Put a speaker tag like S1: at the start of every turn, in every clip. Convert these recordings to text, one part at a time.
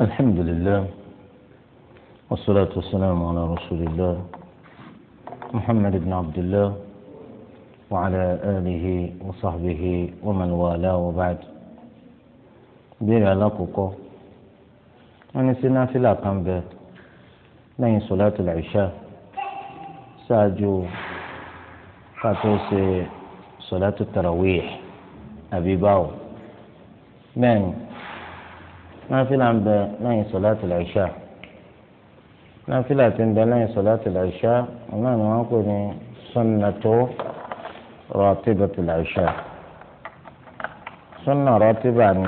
S1: الحمد لله والصلاة والسلام على رسول الله محمد بن عبد الله وعلى آله وصحبه ومن والاه وبعد بير على كوكو أنا يعني سنا في لاقم بيت لين صلاة العشاء ساجو كاتوسي صلاة التراويح أبي باو من náfìlà ń bẹ lẹ́yìn sọ̀láàtì láìṣà náfìlà ti ń bẹ lẹ́yìn sọ̀láàtì láìṣà ọ̀nà ni wọ́n pè ní sunnatu ratibati láìṣà sunna ratiba ni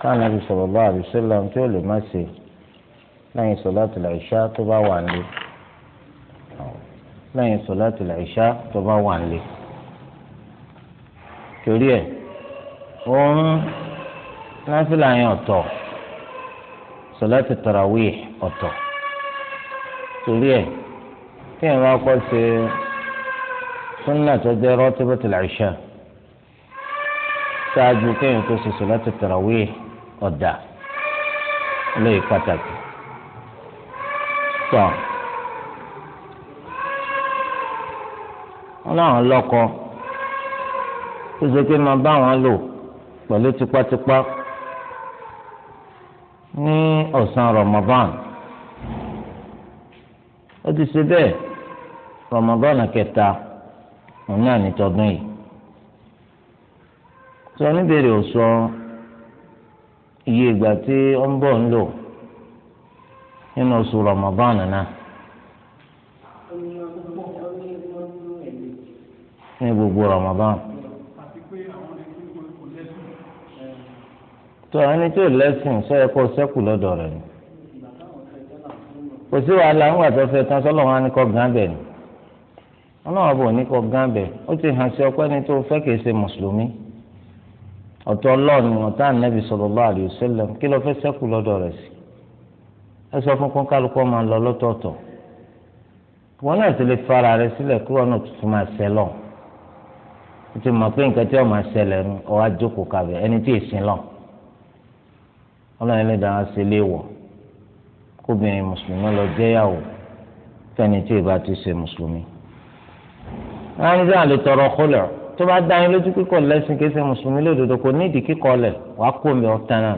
S1: káàní ibi sallallahu alaihi wasallam tí ó lè má ṣe lẹ́yìn sọ̀láàtì láìṣà tó bá wà nílé lẹ́yìn sọ̀láàtì láìṣà tó bá wà nílé torí ẹ̀ òun náfìlà yẹn ọ̀tọ̀ sọláàtì tarawih ọ̀tọ̀ torí ẹ̀ kí ẹ̀ máa kọ́ ṣe súnà tó jẹ́ ratibatul isha ṣáájú kí ẹ̀ tó ṣe sọláàtì tarawih ọ̀dà lóye pàtàkì. tọ́ wọn láwọn lọ́kọ ó ṣe pé máa bá wọn lò pẹ̀lú tipátipá. ní ọ̀sán Ramadan ó ti ṣe bẹ́ẹ̀ na kẹta òun náà ní tọdún yìí tí oníbèrè ò sọ iye ìgbà tí ó ń bọ̀ ń lò nínú oṣù Ramadan náà ní gbogbo Ramadan. tó àwọn ẹni tó lẹ́sìn sọ kó sẹ́kù lọ́dọ̀ rẹ̀ ni kò sí wàhálà ń wà tó fẹ́ tán sọ́lọ́ wọn á ní kọ́ gán bẹ̀ ni ọlọ́wọ́n bò ní kọ́ gán bẹ̀ ó ti hàn sí ọpẹ́ ni tó fẹ́ kìí ṣe mùsùlùmí ọ̀tọ̀ ọlọ́ọ̀ni ọ̀tá ànábì sallallahu alaihi wasallam kí ló fẹ́ sẹ́kù lọ́dọ̀ rẹ̀ sí fara náà tuntun máa ṣẹ lọ ti ọlọ́run ẹlẹ́dàá á ṣe léèwọ̀ kóbìnrin mùsùlùmí lọ jẹ́yàwó fẹ́ni tí ìbá ti ṣe mùsùlùmí. láàrin sáà lè tọrọ kólẹ̀ tó bá dá yín lójú kíkọ lẹ́sìn kí ṣe mùsùlùmí lódodo kò nídìí kíkọ lẹ̀ wàá kó mi ọ̀tán náà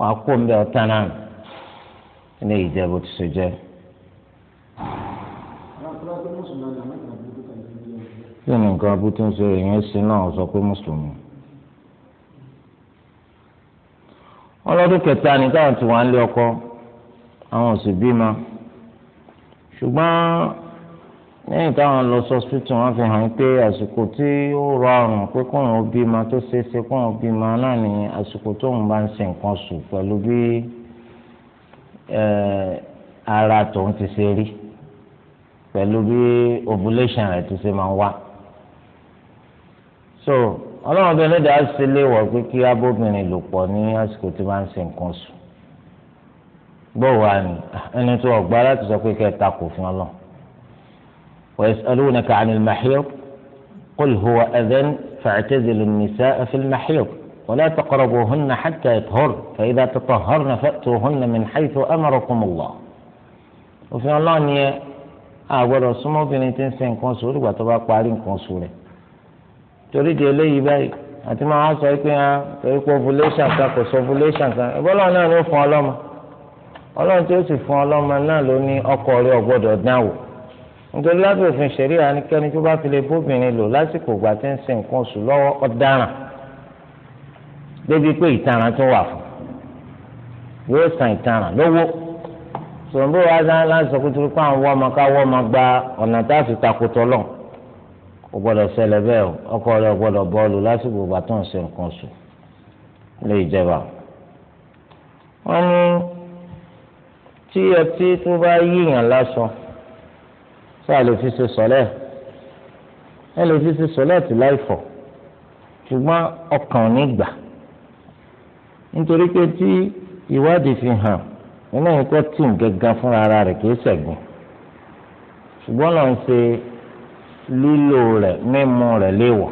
S1: wàá kó mi ọ̀tán náà ilé ìjẹ́bù ti ṣe jẹ́. kí ni nǹkan abúté ń ṣe èèyàn sí náà sọ pé mùsùlùmí. ọlọ́dún kẹta ni táwọn ti wà ń lé ọkọ àwọn sì bímọ ṣùgbọ́n lẹ́yìn táwọn lọ sọ́sítù wọ́n fi hàn pé àsìkò tí ó rọrùn pé kóun ó bímọ tó ṣeé kóun ó bímọ náà ni àsìkò tóun bá ń ṣe nǹkan sùn pẹ̀lú bí ara tóun ti ṣe rí pẹ̀lú bí ovulation rẹ̀ ti ṣe máa wá. ọlọ́run bẹ́ẹ̀ lẹ́dàá ṣe léwọ̀ pé kí abóbìnrin lò pọ̀ ní àsìkò tí wọ́n ń ṣe nǹkan sùn gbọ́wọ́ àmì ẹni tó ọ̀gbá láti sọ pé kẹta kò fún ọ lọ. ويسألونك عن المحيض قل هو أذن فاعتزلوا النساء في المحيض ولا تقربوهن حتى يطهرن فإذا تطهرن فأتوهن من حيث أمركم الله وفي الله أن أقول رسول الله بنتين سنكون سوري وتبقى قارين كون سوري torí di eléyìí báyìí àti máa ń sọ pé hàn ah, torí pé ovulation kan kò sọ ovulation kan ìbọ́lọ́ náà ló fún ọlọ́mọ ọlọ́run tí ó sì fún ọlọ́mọ náà ló ní ọkọ rẹ̀ ọ̀gbọ́dọ̀ dán wò nítorí lábẹ́ òfin ṣẹ̀rí àníkẹ́ni tó bá fi lè bóbìnrin lò lásìkò ìgbà tí ń sin nǹkan oṣù lọ́wọ́ ọ̀daràn débi pé ìtaràn tó wà fún yóò san ìtaràn lówó sọ̀rọ̀ bó wá láti sọ pé torí pé àwọn wọ́ọ̀mọ ká wọ́ọ̀mọ gba ọ̀nà tá a fi takò tọ́lọ́ọ̀ o gbọ́dọ̀ ṣẹlẹ̀ bẹ́ẹ̀ o ọkọ rẹ o gbọ́dọ̀ bọ́ọ̀lù lásìkò ìgbà tó ń ṣe nǹkan sùn lè jẹba. wọ́n ní tí ọtí tó bá yíyàn lásán ṣé a lè fi ṣe sọlẹ ẹ lè fi ṣe sọlẹ tì láìfọ ṣùgbọ́n ọkàn nígbà nítorí pé tí ìwádìí fi hàn nínú ìkọ́ tí ń gẹ́gẹ́ fúnra rẹ̀ kì í ṣẹ̀gbìn ṣùgbọ́n lọ́n ṣe lílò rẹ̀ mímu rẹ̀ léèwọ̀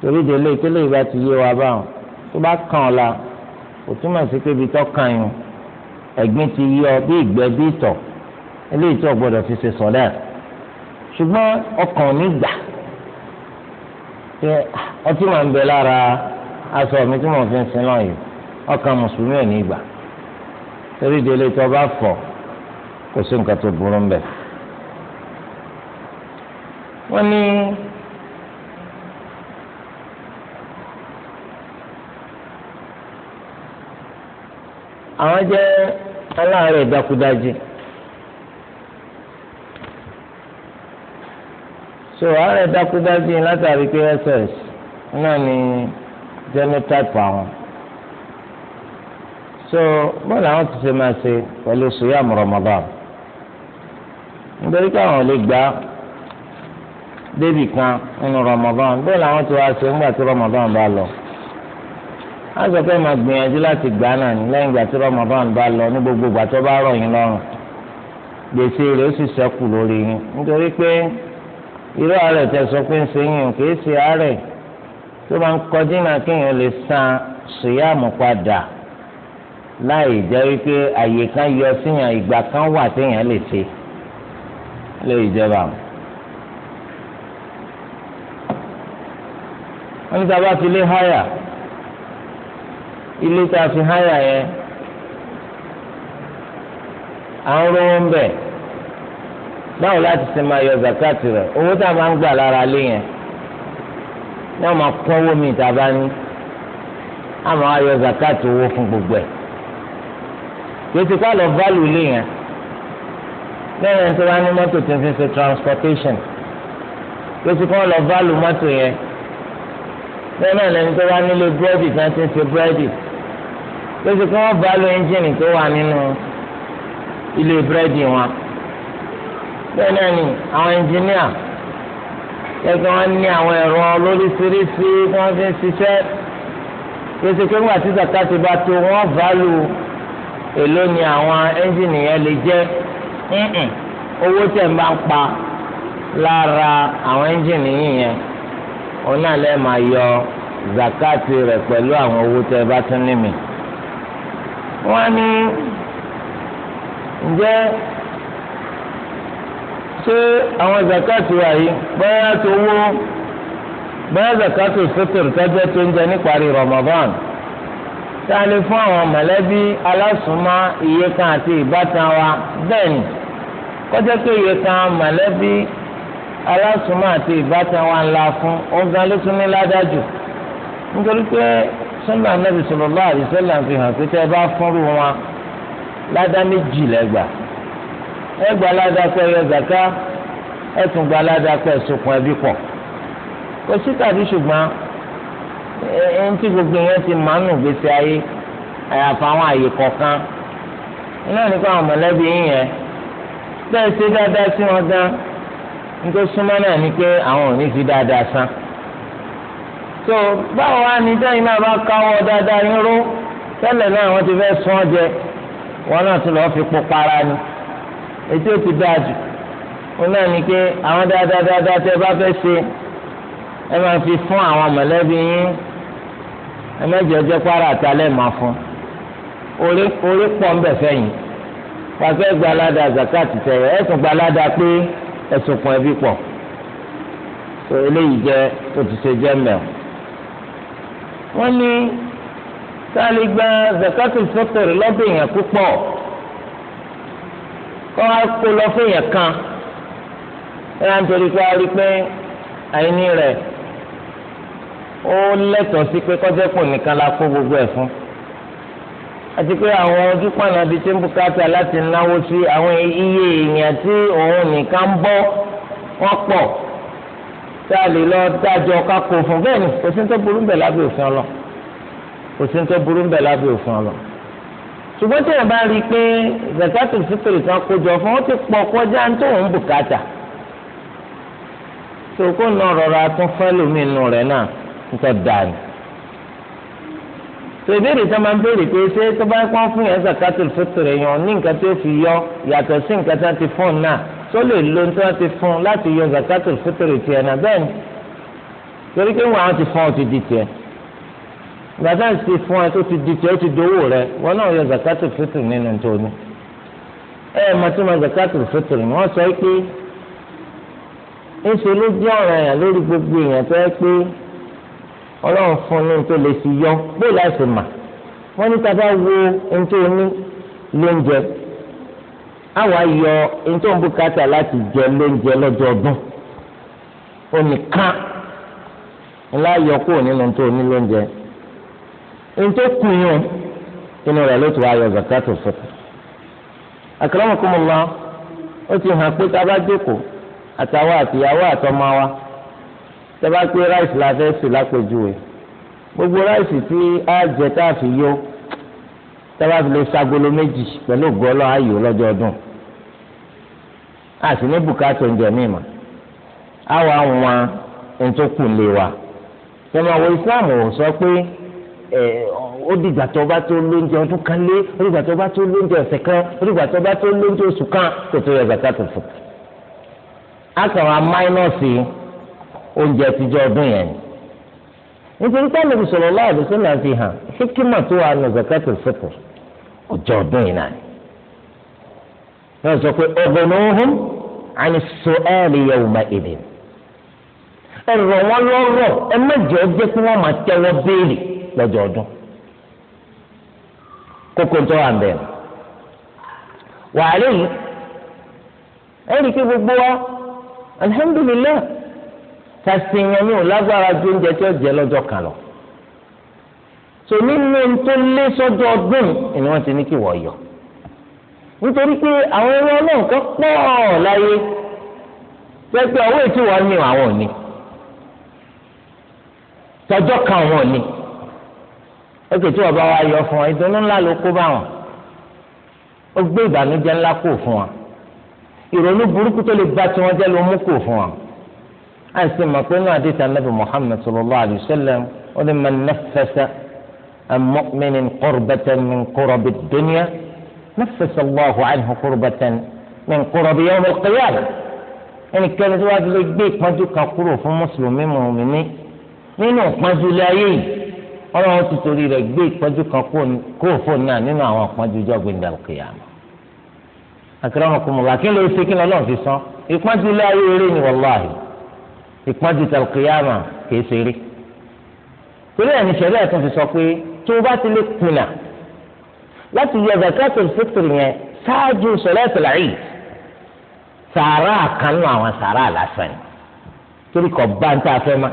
S1: torí délé ìpínlẹ̀ ìbá ti yé wa báwọn tó bá kàn ọ́ la kò túmọ̀ sí pé ibi tó kàn yín ẹ̀gbin ti yí ọ bí ìgbẹ́ bí ìtọ̀ eléyìí tó gbọ́dọ̀ fi ṣe sọ̀lẹ́ ṣùgbọ́n ọkàn ò ní gbà pé ah, ọtí máa ń bẹ lára aṣọ mi tí mo fi ń sin náà yìí ọkàn mùsùlùmí ò ní torí délé tó bá fọ̀ kò sí nǹkan tó burú ń bẹ wọ́n ní àwọn jẹ́ aláàárẹ̀ ìdákúdájì so àárẹ̀ ìdákúdájì látàrí pé ss náà ni genotype àwọn so bọ́ọ̀lù àwọn ti ṣe máa ṣe pẹ̀lú suyam Ramadan nítorí pé àwọn ò lè gbà á débì kan nínú Ramadan bẹ́ẹ̀ làwọn ti wá ṣe ńgbà tí Ramadan bá lọ a sọ pé máa gbìyànjú láti gbà náà ní lẹ́yìn ìgbà tí Ramadan bá lọ ní gbogbo ìgbà tó bá rọ̀ yín lọ́rùn gbèsè rẹ̀ ó sì ṣẹ́kù lórí yín nítorí pé irú àárẹ̀ tẹ́ sọ pé ń ṣe yín kì í ṣe àárẹ̀ tó máa ń kọjú náà kéèyàn lè san ṣìyàmù padà láì jẹ́ wípé àyè kan yọ síyàn ìgbà kan wà téèyàn lè ṣe lè jẹba àwọn. wọ́n ní sábà fi lé háyà ilé tá a fi háyà yẹn à ń rówó ń bẹ̀ báwo láti ṣe máa yọ zakati rẹ̀ owó tá a máa ń gbà lára lé yẹn náà máa kún mi tá a bá ní a máa yọ zakati owó fún gbogbo ẹ̀ yòtí ká lọ válù lé yẹn lẹ́yìn tó bá ní mọ́tò tó ń fi ṣe transportation yòtí ká lọ válù mọ́tò yẹn bẹ́ẹ̀ náà lẹni tó bá nílò búrẹ́dì kan ti ń ṣe búrẹ́dì lóṣù kí wọ́n bá lo ẹ́ńjìnì tó wà nínú ilé búrẹ́dì wọn bẹ́ẹ̀ náà ni àwọn ẹnjìníà ẹgbẹ́ wọn ní àwọn ẹ̀rọ lóríṣiríṣi tí wọ́n fi ń ṣiṣẹ́ lóṣù kí wọ́n àti zaka ti bá tó wọ́n bá lo èló ni àwọn ẹ́ńjìnì yẹn lè jẹ́ owó tẹ̀ ń bá ń pa lára àwọn ẹ́ńjìnì yìí yẹn òun náà lè máa yọ zakati rẹ̀ pẹ̀lú àwọn owó tẹ́ ẹ bá tún ní mi. wọ́n ní ǹjẹ́ ṣé àwọn zakati wà yìí bẹ́ẹ̀ tó wó bẹ́ẹ̀ zakati fitr tọ́jọ́ tó ń jẹ níparí Ramadan tá a lè fún àwọn mọ̀lẹ́bí alásùnmọ́ iye kan àti ìbátan wa bẹ́ẹ̀ ni kọjá pé iye kan mọ̀lẹ́bí alásùnmọ́ àti ìbátan wa ńlá fún ọ̀gá ló tún ní ládájú nítorí pé sọ́nà nàbì sallallahu alaihi wasallam fi hàn pé tẹ́ ẹ bá fúnrú wọn ládá méjì lẹ́gbàá ẹ gbà ládá pé ẹ yọ zàká ẹ tún gbà ládá pé ẹ sokùn ẹbí pọ̀ kò sí tàbí ṣùgbọ́n ẹ ń tí gbogbo yẹn ti máa ń nù gbèsè ayé àyàfà àwọn àyè kọ̀ọ̀kan iná nípa àwọn mọ̀lẹ́bí yín bẹ́ẹ̀ ṣe dáadáa sí wọn gan-an nítorí súnmọ́ náà ni pé àwọn ò ní fi dáadáa san so báwo wá ní dẹ́yìn náà bá káwọ́ dáadáa ní ró tẹ́lẹ̀ náà wọ́n ti fẹ́ sún ọjẹ wọn náà tún lọ́ọ́ fi pọ́ para ni ètò ètò dáa jù wọn náà ni pé àwọn dáadáa dáadáa tẹ́ bá fẹ́ ṣe ẹ máa fi fún àwọn mọ̀lẹ́bí yín ẹ mẹ́jọ jẹ́ kwara àtàlẹ́ máa fún orí orí pọ̀ ń bẹ̀ fẹ́yìn pàṣẹ gbalada zakat tẹ̀yẹ ẹ̀ tún gbalada pé ẹ̀sùn kan ẹbí pọ̀ tó eléyìí jẹ́ òtútù jẹ́ mẹ́ọ̀. wọ́n ní sáàlì gba zakatul fitr lọ́dọ̀ èèyàn púpọ̀ kọ́ á kó lọ fún èèyàn kan ẹ̀ à ń torí pé a rí pé àìní rẹ̀ ó lẹ́tọ̀ọ́ sí pé kọ́jẹ́pọ̀ nìkan la kó gbogbo ẹ̀ fún àti pé àwọn ojú pàna bíi tí ń bùkátà láti náwó sí àwọn iye èèyàn tí òun nìkan ń bọ́ wọ́n pọ̀ tá a lè lọ dájọ́ kákó fún bẹ́ẹ̀ ni kò sí ní tó burú bẹ̀ lábẹ́ òfin ọlọ kò sí ní tó burú bẹ̀ lábẹ́ òfin ọlọ. ṣùgbọ́n tí wọ́n bá rí i pé zakatu fitiri kan kójọ fún wọn ti pọ̀ kọjá ní tóun bùkátà tó kó nà rọra tún fẹ́ lómi inú rẹ̀ náà ń tọ́ da ni tó ìbéèrè tó máa ń béèrè pé ṣé tó bá pọ́n fún yẹn zakatul fitr yẹn ní nǹkan tó fi yọ yàtọ̀ sí nǹkan tó ti fún náà tó lè lo tó ti fún láti yọ zakatul fitr tiẹ̀ náà bẹ́ẹ̀ ni torí pé wọn àwọn ti fún ọ ti di tiẹ̀ gbàtà ti fún ẹ tó ti di tiẹ̀ ó ti dowó rẹ wọn náà yọ zakatul fitr nínú tó ní ẹ ẹ máa tún ma zakatul fitr ni wọn sọ pé ńṣe ló jẹ́ ọ̀ràn ọlọ́run fún ní tó lè fi yọ bóyá láìsí mà wọ́n ní wo ohun ní yọ ntọ bùkátà láti jẹ lóúnjẹ lọ́jọ́ ọdún onìkan ńlá yọ kúrò nínú tó ní lóúnjẹ ohun tó inú rẹ̀ ló ti wá yọ zakato fún ó ti hàn pé tá jókòó àtàwọn wa. tẹ́bá pé ráìsì la fẹ́ sè lápèjúwe gbogbo ráìsì tí a jẹ tá a fi yó tẹ́bá fi lè ṣagolo méjì pẹ̀lú gọ́lọ́ ayò lọ́jọ́ ọdún a sì ní bùkátà oúnjẹ míì mà á wà wọn ntòkù lè wa tẹ́lẹ̀ àwọn Islam ò sọ pé ó dìgbà tó bá tó lóúnjẹ ọdún kan lé ó dìgbà tó bá tó lóúnjẹ ọ̀sẹ̀ kan ó dìgbà tó bá tó lóúnjẹ oṣù kan kò tó gbàtà tó a kàn wá máínọ́ọ̀sì yìí oúnjẹ tijọ́ ọdún yẹn ni nítorí pẹ́ẹ́lú ìṣòro láàbí sílẹ̀ fi hàn hikima tó wà nù zakatul fitr ọjọ́ ọdún yìí náà ni wọ́n sọ pé ọ̀gbọ̀nọ́hún àni su'al yawma idin ẹ̀rọ wọn lọ́rọ̀ ẹ méje ọjọ́ tí wọ́n máa tẹ́wọ́ béèrè lọ́jọ́ ọdún kókó tó wà bẹ́ẹ̀ wàhálẹ́ yìí ẹ̀rí kí gbogbo wa alhamdulillah tàṣìyàn ní òlágbára ju oúnjẹ tí ó jẹ lọ́jọ́ kan lọ. tò nínú tó lé sọ́dọ̀ ọdún ni wọ́n ti ní kí wọ́n yọ. nítorí pé àwọn ẹrú ọlọ́run kan pọ̀ láyé pẹ́pẹ́ owó ètò wọn ní àwọn òní tọjọ́ kan wọn òní ó kè tí wọ́n bá wa yọ fún ọ ìdùnnú ńlá ló kó bá wọn ó gbé ìbànújẹ́ ńlá kò fún wọn ìrònú burúkú tó lè ba tiwọn jẹ́ ló mú kò fún wọn. أن ثم قلنا حديث النبي محمد صلى الله عليه وسلم ولمن نفس المؤمن قربة من قرب الدنيا نفس الله عنه قربة من قرب يوم القيامة إن كانت واحد البيت ما جوك قروف مسلم مؤمني منو ما جلائي الله تطوري البيت ما جوك قروف نانينا ما جوك عند القيامة أكرمكم الله كن لو يسكن الله في صح يقمت لا يريني والله ìpọ́njú tàlùkìyàmà kìí ṣeré torí ẹni ṣẹlẹ̀ ẹ̀tún ti sọ pé tó o bá ti lè kùnà láti yọ zakatul fitr yẹn ṣáájú sọlẹ́tì làyè sàárà kanú àwọn sàárà lásán torí kò bá ń tà fẹ́ ma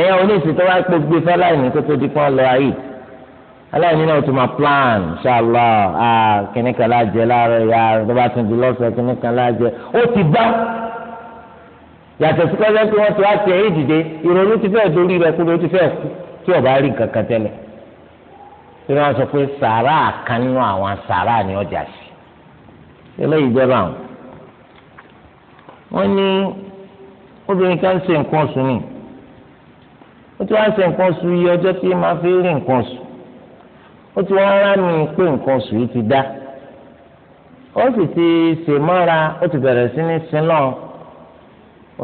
S1: ẹ̀yà oníṣìí tó wá pé gbé fẹ́ láìní kó tó di pọ́n lọ ayé aláìní náà tó máa plan ṣàlọ́ ah, kìnnìkan lájẹ láàárọ̀ ìyá tó bá tún di lọ́sọ̀ọ́ kìnnìkan lájẹ ó ti bá yàtọ̀ sí pẹ́ẹ́sẹ́ tí wọ́n ti wá sí ẹ̀yìn dìde ìrònú ti fẹ́ dorí rẹ̀ kúrò ti fẹ́ kú tí ọba rí nǹkan kan tẹ́lẹ̀ tí wọ́n sọ pé sàrà kan nínú àwọn sàrà ni ọjà sí eléyìí jẹ́ báwọn. wọ́n ní obìnrin kan ṣe nǹkan oṣù ni ó ti wá ṣe nǹkan oṣù yìí ọjọ́ tí máa fi rí nǹkan oṣù ó ti wá rámi pé nǹkan oṣù yìí ti dá ó sì ti ṣèmọ́ra ó ti bẹ̀rẹ̀ sí ní sinlọ́ọ̀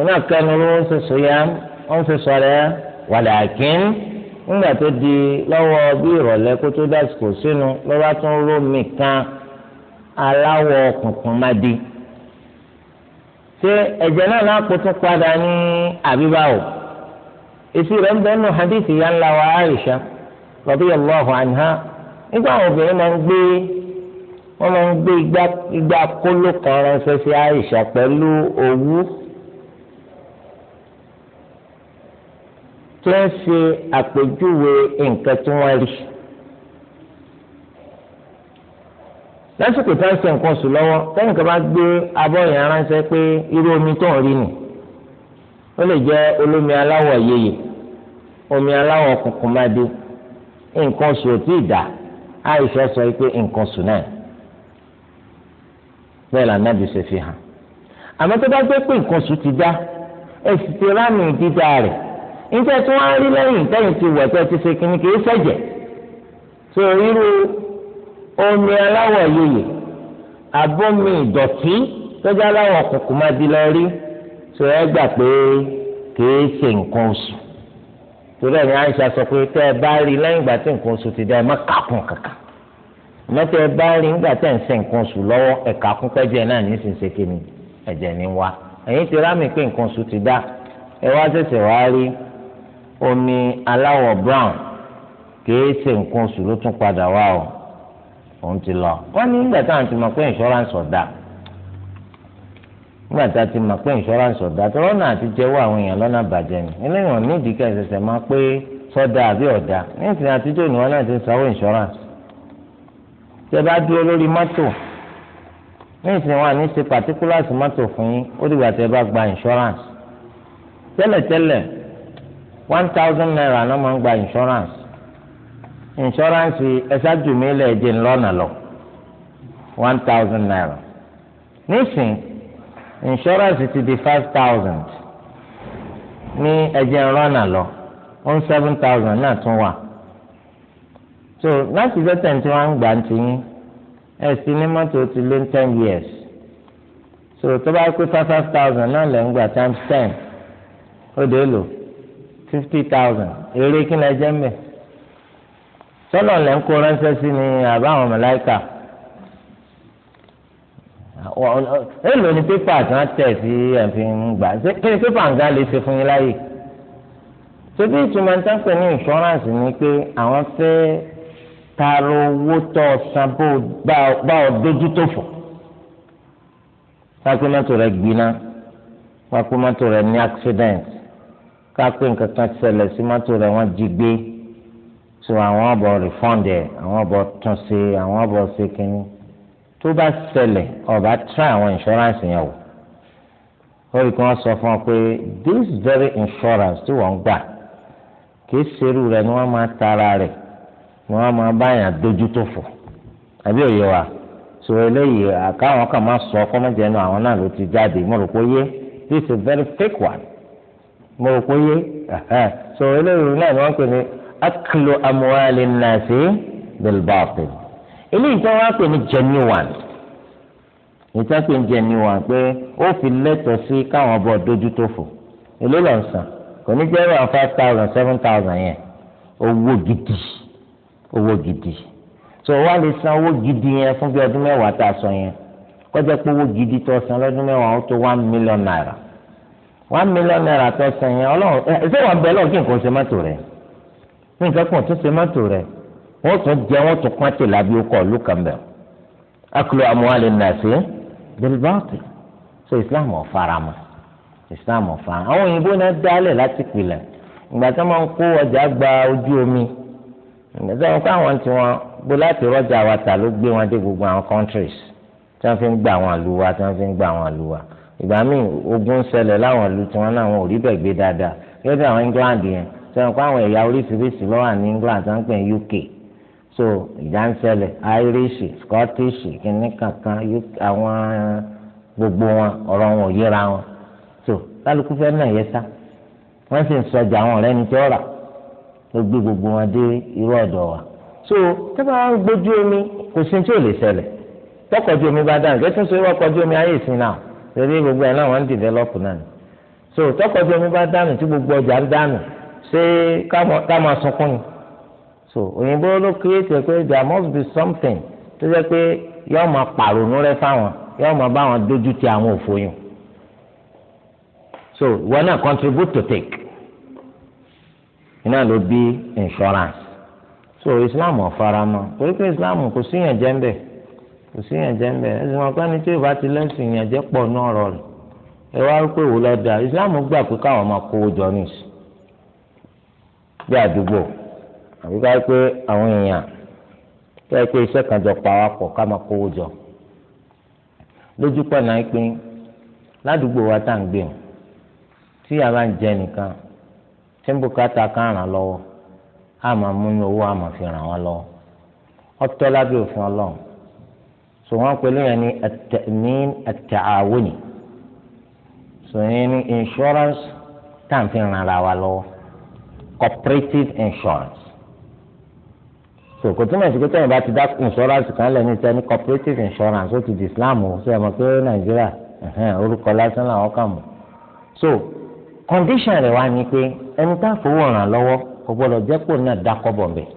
S1: náà kẹnu ló ń ṣe sòyàm ó ń ṣe sọ̀rẹ́ wàlàkín nígbà tó di lọ́wọ́ bí ìrọ̀lẹ́ kó tó dásìkò sínú lọ́wọ́ tó ń rómi kan aláwọ̀ kùnkùn má di ṣé ẹ̀jẹ̀ náà náà kó tún padà ní àbíbáwò èsì rẹ̀ ń bẹ́ẹ̀ nù hadith ìyá ńlá wa Aisha radiyallahu anha nígbà àwọn obìnrin máa ń gbé wọ́n máa ń gbé igbá kóló kan ránṣẹ́ sí Aisha pẹ̀lú òwú. tí wọ́n ṣe àpèjúwe nǹkan tí wọ́n rí. lásìkò tá a ṣe nǹkan sùn lọ́wọ́ tẹ́yìn kan bá gbé abọ́ yẹn ránṣẹ́ pé irú omi tó ń rí nì ó lè jẹ́ olómi aláwọ̀ yeye omi aláwọ̀ kùnkùn máa dé nǹkan sùn ò tí ì dà àìṣe sọ pé nǹkan sùn náà bẹ́ẹ̀ lànà bí ṣe fi hàn àmọ́ tó bá gbé pé nǹkan sùn ti dá èsì ti rámì dídá rẹ̀ níta tí wọ́n á rí lẹ́yìn tẹ́yìn ti wọ̀ tẹ́ ti ṣe kínní kì í ṣẹ̀jẹ̀ tó irú omi aláwọ̀ yeye abómi ìdọ̀tí tọ́jú aláwọ̀ kùkùn máa di lọ rí tó ẹ gbà pé kì í ṣe nǹkan oṣù torí ẹ̀yin àìsà sọ pé tẹ́ ẹ bá rí lẹ́yìn ìgbà tí nǹkan oṣù ti dá ẹ má kàkún kàkà mẹ́tẹ́ ẹ bá rí nígbà tẹ́ ń ṣe nǹkan oṣù lọ́wọ́ ẹ̀ka kún pẹ́jẹ náà ní ìsinsìnyí kìíní ẹ̀jẹ̀ ni wa ẹ̀yin ti rámì pé nǹkan oṣù ti dá ẹ wá ṣẹ̀ṣẹ̀ wá rí omi aláwọ̀ brown kìí ṣe nǹkan oṣù ló tún padà wá o òun ti lọ wọ́n ní nígbà táwọn ti pé insurance ọ̀dà nígbà tá ti mọ̀ pé insurance ọ̀dà tó jẹ́wọ́ àwọn èèyàn lọ́nà bàjẹ́ ni eléyìí wọn ní ìdíkẹ́ ìṣẹ̀ṣẹ̀ máa pé sọ́dà àbí ọ̀dà àtijọ́ ni náà ti ń sanwó insurance tẹ́ bá dúró lórí mọ́tò nísìnyí wọn à ṣe particulars mọ́tò fún yín ó dìgbà one thousand naira náà máa ń gba insurance insurance ẹ̀ṣájú mi lè jẹ́ ńlọ́nà lọ one thousand naira nísìn insurance ti di five thousand ní ẹ̀jẹ̀ ńlọ́nà lọ one seven thousand náà tún wà so láti bẹ́tẹ̀ tí wọ́n ń gbà ti yín ẹ̀ sí ní mọ́tò ti lé ten years so tó bá pé five five thousand náà lẹ́ ń gbà times ten ó dé lò fifty thousand èrè kí lè jẹ́ mbẹ́ sọ́nà lẹ́ ń kó ránṣẹ́ sí ni àbá àwọn màláíkà èlò ni pépà tí wọ́n tẹ̀ sí ẹ̀fín gbà kí ni pépà nǹkan lè ṣe fún yín láàyè tóbi ìtumọ̀ ń tẹ́pẹ̀ ní insurance ni pé àwọn fẹ́ taaro owó tó san bá ọ dojú tó fò pákó mọ́tò rẹ̀ gbiná pákó mọ́tò ní accident kápẹ́ nǹkan kan ṣẹlẹ̀ sí mọ́tò rẹ̀ wọ́n jí gbé so àwọn ọ̀bọ̀ rìfọ́ǹdì ẹ̀ àwọn ọ̀bọ̀ tún ṣe àwọn ọ̀bọ̀ ṣe kínní tó bá ṣẹlẹ̀ ọ̀bá tra àwọn insurance yẹn wò ó rí sọ fún ọ pé this very insurance tí wọ́n gba gbà kì í ṣerú ni wọ́n máa tara rẹ̀ ni wọ́n máa báyàn dojú tó àbí òye wa so eléyìí àkáwọn kan máa sọ fọ́mọ́jẹ́ náà àwọn náà ló ti jáde mo rò pé yé this is a very fake one. mo rò pé yé so eléyìí náà ni wọ́n pè ní akílò amúhálì nàásì bilbaapì eléyìí tí wọ́n pè ní genuine ìtàn pé genuine pé ó fi lẹ́tọ̀ọ́ sí káwọn bọ̀ dojú tó fò èló lọ sàn kò ní jẹ́ five thousand seven thousand yẹn owó gidi owó gidi so wọ́n lè san owó gidi yẹn fún bí ọdún mẹ́wàá tá a sọ yẹn kọjá pé owó gidi tó san lọ́dún mẹ́wàá ó tó one million naira one million naira tó san yẹn ọlọ́run ẹ ṣé wọn bẹ lọ́wọ́ kí nǹkan ṣe mọ́tò rẹ̀ kí nǹkan kan tún ṣe mọ́tò rẹ̀ wọ́n tún jẹ wọ́n tún pọ́n tó lábí ọkọ̀ ìlú kan bẹ̀ akulu amuhali nasi bilbaati so islam ò fara mọ́ islam ò fara àwọn òyìnbó náà dálẹ̀ láti pilẹ̀ ìgbà tí wọ́n kó ọjà gba ojú omi ìgbà tí wọ́n kó àwọn tí wọ́n gbó láti rọ́jà wa ta ló gbé wọn dé gbogbo àwọn countries tí wọ́n fi ń gba àwọn àlùwà tí wọ́n fi ń gba àwọn àlùwà ìgbà míì ogun ṣẹlẹ̀ láwọn ìlú tiwọn náà wọn ò rí bẹ́ẹ̀ gbé dáadáa gẹ́gẹ́ bí àwọn England yẹn sẹ́wọ̀n kó àwọn ẹ̀yà oríṣiríṣi ló wà ní England tó ń pè UK so ìjà ń ṣẹlẹ̀ Irish Scottish kìnnì kankan àwọn gbogbo wọn ọ̀rọ̀ wọn ò yẹra wọn so kálukú fẹ́ náà yẹ sá wọ́n sì ń sọjà àwọn ọ̀rẹ́ ni tí ó rà ó gbé gbogbo wọn dé irú ọ̀dọ̀ wa so tẹ́lẹ̀ wọn gbójú omi kò sí tí ò lè ṣẹlẹ̀ tọkọ̀jú omi bá dáhùn kẹ́tùn sí ọkọ̀jú omi ayé ìsìn náà torí gbogbo ẹ̀ náà wọ́n ń dìvẹ́lọ́pù náà so tọkọtì omi bá dànù tí gbogbo ọjà ń dànù ṣé ká máa sunkún ni so òyìnbó ló create pé there must be something tó jẹ́ pé yọ́ọ́ máa pàrònú rẹ fáwọn yọ́ọ́ máa bá wọn dójú ti àwọn òfòyùn so ìwọ náà contribute to take iná ló bí insurance so islam ọ̀farama torí pé islam kò síyànjẹ́ ń bẹ̀ kò sí ìyànjẹ ń bẹ ẹ ni tí ìbá ti lẹ́sìn ìyànjẹ pọ̀ ní ọ̀rọ̀ rẹ̀ ẹ wá lọ́dà ìsìláàmù gbà pé káwọn máa kówó jọ ní ìsìn bí àdúgbò àbí ká pé àwọn èèyàn ká pé kan jọ kówó jọ lójú náà pé ládùúgbò wa tá à ń gbé a bá ń jẹ nìkan tí ń bùkátà a máa mú ní owó a fi ràn so wọn pẹlú yẹn ní at-ta'min at-ta'awuni so yẹn ní insurance tá à ń fi ràn ara wa lọ́wọ́ cooperative insurance so kò túmọ̀ sí pé tẹ́yìn bá ti dá insurance kan lẹ́nu ìta ní cooperative insurance ó ti di Islam o ṣe é mọ̀ pé Nàìjíríà orúkọ lásán làwọn kà mọ̀ so condition rẹ̀ wá ni pé ẹni tá a fowó ràn lọ́wọ́ kò gbọ́dọ̀ jẹ́ pò náà dákọ́ bọ̀ bẹ́ẹ̀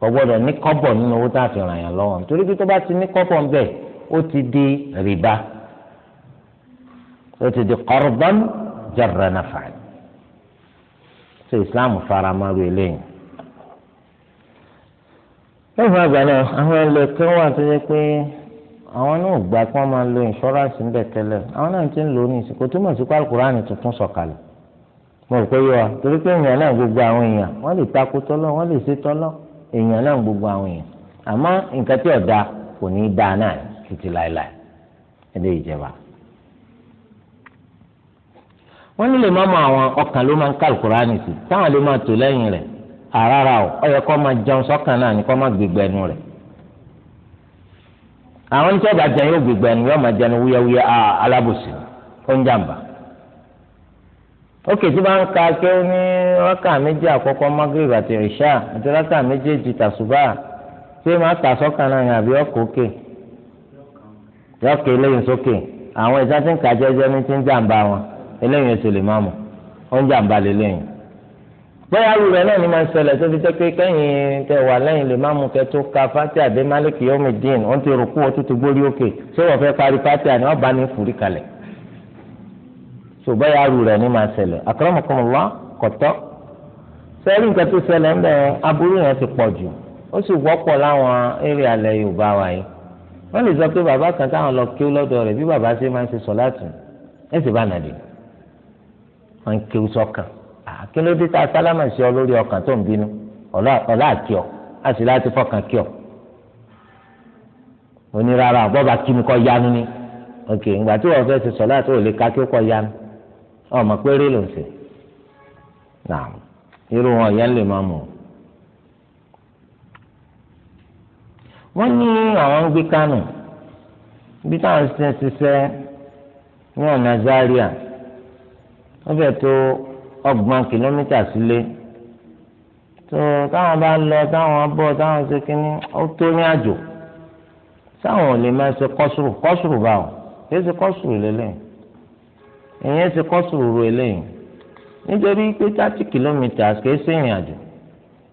S1: kò gbọ́dọ̀ ní kọ́bọ̀ nínú owó tá a fi ràn yàn lọ́wọ́ nítorí bí tó bá ti ní kọ́bọ̀ ń bẹ̀ ó ti di rìbá ó ti di qardan jarra naf'an ṣe ìsìláàmù fara máa ru eléyìí. lẹ́yìn àgbà náà àwọn ẹlẹ́kẹ́ wà tó yẹ pé àwọn náà gbà kí wọ́n máa lo insurance ń bẹ̀ tẹ́lẹ̀ àwọn náà ti ń lò ó ní ìsìnkú tó mọ̀ sí al tuntun sọ̀kalẹ̀ mo rò pé yóò torí pé èèyàn náà gbogbo àwọn èèyàn wọ́n lè takò tọ́lọ́ wọ́n lè ṣe tọ́lọ́ èèyàn náà gbogbo àwọn èèyàn àmọ́ nǹkan tí ọ̀dà kò ní í da náà títí láéláé ẹdẹ ìjẹba. wọ́n ní lè má mọ àwọn ọkàn ló máa ń ká alukurani sí táwọn lè máa tò lẹ́yìn rẹ̀ àràrà o ó yẹ kó máa jẹun sọ́kàn náà ní kó máa gbégbẹ́nu rẹ̀ àwọn oníṣẹ́ ìbàjẹ́ yóò gbégbẹ́nu yóò máa jẹun wúyẹ́wúyẹ́ alábòsí ó ń jàǹbá. ókè tí bá ń ka kí ó ní rákà méjì àkọ́kọ́ magreth àti ìṣá àti rákà méjèèjì tàṣùbà tí ó máa tà sọ́kàn náà yàbí ọkọ̀ òkè yọkè eléyìí sókè àwọn ìṣá tí ń ka jẹ́jẹ́ ní ti ń jàǹbá wọn eléyìí oṣù lè má mọ̀ ó ń jàǹbá lélẹ́yìn. bóyá alu rẹ̀ náà ni máa ń ṣẹlẹ̀ tó fi jẹ́ pé kẹ́yìn tẹ wà lẹ́yìn lè má mú kẹ́ tó ka fati àdé málìkì yóò mi dín ó ti rò kú ó ti ti gbórí òkè ṣùgbọ́n ya rú rẹ̀ ní máa ṣẹlẹ̀ akramakumullah kọ̀tọ́ sẹ́rí nǹkan tó ṣẹlẹ̀ ń bẹ̀ aburú yẹn ti pọ̀ jù ó sì wọ́pọ̀ láwọn eré alẹ́ Yorùbá wa yìí wọ́n lè sọ pé bàbá kan táwọn lọ kí ó lọ́dọ̀ rẹ̀ bí bàbá ṣe máa ń ṣe sọ̀láàtù ẹ̀ sì bá nàdì wọ́n kí ó sọ́kàn àkínlódé tá a sálámà sí ọ lórí ọkàn tó ń bínú ọ̀là àkí ọ á sì láti fọkàn kí ọ onírara àbọ̀bà kí mi kọ́ yanu ni ok ìgbà tí wọ́n fẹ́ ṣe sọ̀láàtù ò lè ká kí ó kọ́ yanu ọmọ péré ló ń sè náà irú wọn yẹn lè máa mú un. wọ́n ní àwọn ń gbé kánò bí táwọn ṣe ń ṣiṣẹ́ ní ọ̀nà Zaria wọ́n fẹ́ tó ọgbọ̀n kìlómítà sílé tó táwọn bá lọ táwọn bọ̀ táwọn ṣe kínní ó tó ní àjò táwọn ò lè máa ṣe kọ́sùrù kọ́sùrù báwọn kì í ṣe kọ́sùrù lélẹ́yìn ìyẹn ti kọ́ sùúrù eléyìí nítorí pé thirty kilometres kìí ṣe ìrìn àjò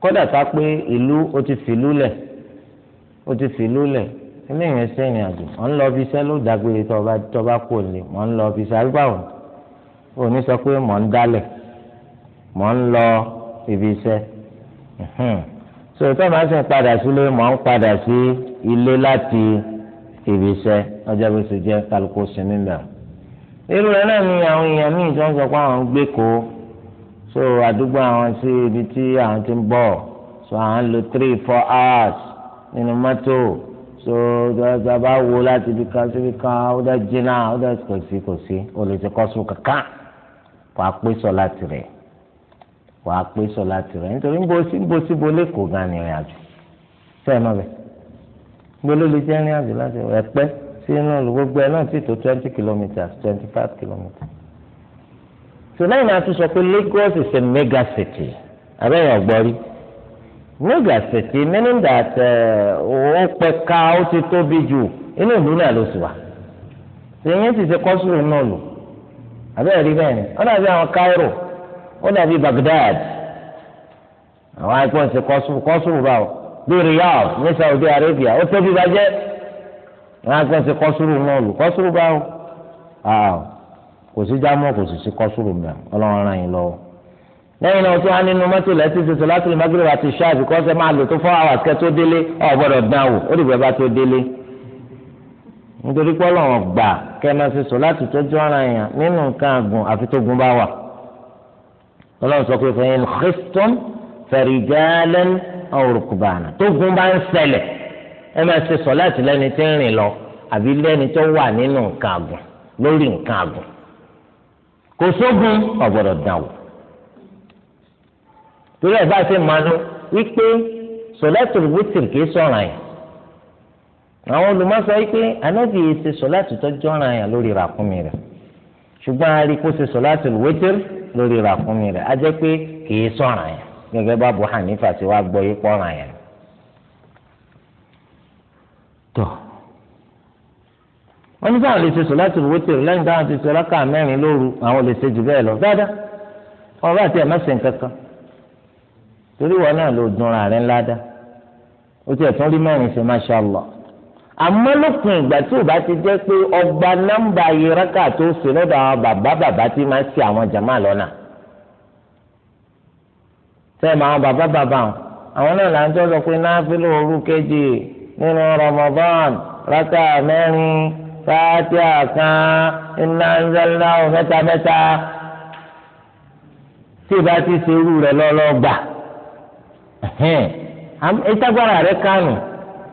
S1: kódà ká pé ìlú o ti fìlú lẹ̀ o ti fìlú lẹ̀ eléyìí ẹ̀ ṣe ìrìn àjò ọ̀ ń lọ fi iṣẹ́ ló dàgbére tọba tọba kò lè mọ̀ ń lọ fi iṣẹ́ àgbàwọ̀ ò sọ pé mọ̀ ń dálẹ̀ mọ̀ ń lọ ibi iṣẹ́ so tó máa sì ń padà sílé mọ̀ ń padà sí ilé láti ibi iṣẹ́ ọjọ́ bí o ṣe jẹ́ kálukú sinmi irú rẹ̀ náà ni àwọn èèyàn míì tó ń sọ pé àwọn ń gbé kó so àdúgbò àwọn sí ibi tí àwọn ti ń bọ̀ so àwọn lo three four hours nínú mọ́tò so ìjọba bá wo láti ibi kan síbi kan ó dá jìnnà ó dá kò sí kò sí ó lè ṣe kọ́sùn kankan wà á pé sọ láti rẹ̀ wà á pé sọ láti rẹ̀ nítorí ń bo sí ń bo sí bo lẹ́kọ̀ọ́ gan ni ìrìn àjò sẹ́yìn mọ́ bẹ́ẹ̀ gbọ́dọ̀ lè jẹ́ ìrìn àjò láti rẹ̀ sínú gbogbo ẹ náà sì tó twenty kilometres twenty five kilometres. so lẹ́yìn náà tún sọ pé Lagos is a mega city abẹ́yẹn ọ̀gbọ́rí mega city meaning that eh, ó pẹ́ ká ó ti tóbi jù inú ìlú náà ló sì wà sèyìn ti ṣe kọ́sùrù náà lò abẹ́rẹ́ rí bẹ́ẹ̀ ni ó dàbí àwọn Cairo ó dàbí Baghdad àwọn àìpọ̀ ṣe kọ́sùrù kọ́sùrù báwo bí Riyadh ní Saudi Arabia ó tóbi bàjẹ́ wọn á gbọ́n sí kọ́sùrù náà lù kọ́sùrù báwo kò sí jámọ́ kò sì sí kọ́sùrù mìíràn ọlọ́run ràn yín lọ́wọ́ lẹ́yìn náà tí wọ́n á nínú mọ́tò lẹ́tí ṣoṣo láti lè mágbèrè àti ṣáà bí kọ́sẹ̀ máa lò tó fọ́ àwọn àtikẹ́ tó délé ọ̀ gbọ́dọ̀ dán wò ó dìbò ẹ bá tó délé nítorí pé ọlọ́run gbà kẹ́mẹ́ ṣoṣo láti tọ́jú ara yẹn nínú nǹkan àgùn àfi tó gun bá wà ọlọ́run sọ pé ẹ máa ṣe sọ láti lẹ́ni tí ń rìn lọ àbí lẹ́ni tó wà nínú nǹkan àgùn lórí nǹkan àgùn kò sógun ọ̀gbọ̀dọ̀ dàn wò torí ẹ̀ bá ṣe máa lọ wípé sọ̀lẹ́tò wítìrì kìí sọ̀ràn yẹn àwọn olùmọ̀sọ wípé anábì yìí ṣe sọ̀lẹ́tò tó jọ̀ràn yẹn lórí ràkúnmí rẹ̀ ṣùgbọ́n a kó ṣe sọ̀lẹ́tò wítìrì lórí ràkúnmí rẹ̀ á jẹ́ pé kìí sọ̀ràn yẹn gẹ́gẹ́ bá Abu Hanifa ti gbọ́ yí pọ̀ràn yẹn tọ̀ wọ́n ní sáwọn lè ṣe sọ láti wọ́n tèrè táwọn ti ṣe ọlọ́kà mẹ́rin lóru àwọn lè ṣe jù bẹ́ẹ̀ lọ dáadáa wọn bá tiẹ̀ mẹ́sìn kankan torí wọn náà ló dunra rẹ̀ ńlá dá ó rí ṣe masha allah àmọ́ lópin ìgbà tí ò bá ti jẹ́ pé ọgbà nọ́mbà yẹrẹ́kà tó ṣe lọ́dọ̀ àwọn bàbá bàbá ti máa ṣe àwọn àwọn bàbá bàbá àwọn náà là ń nínú Ramadan rákà mẹ́rin sáàtì àkàn iná ńlẹ́lá mẹ́ta mẹ́ta tí ìbá ti ṣe irú rẹ̀ lọ́lọ́gbà ìtagbára rẹ̀ kánú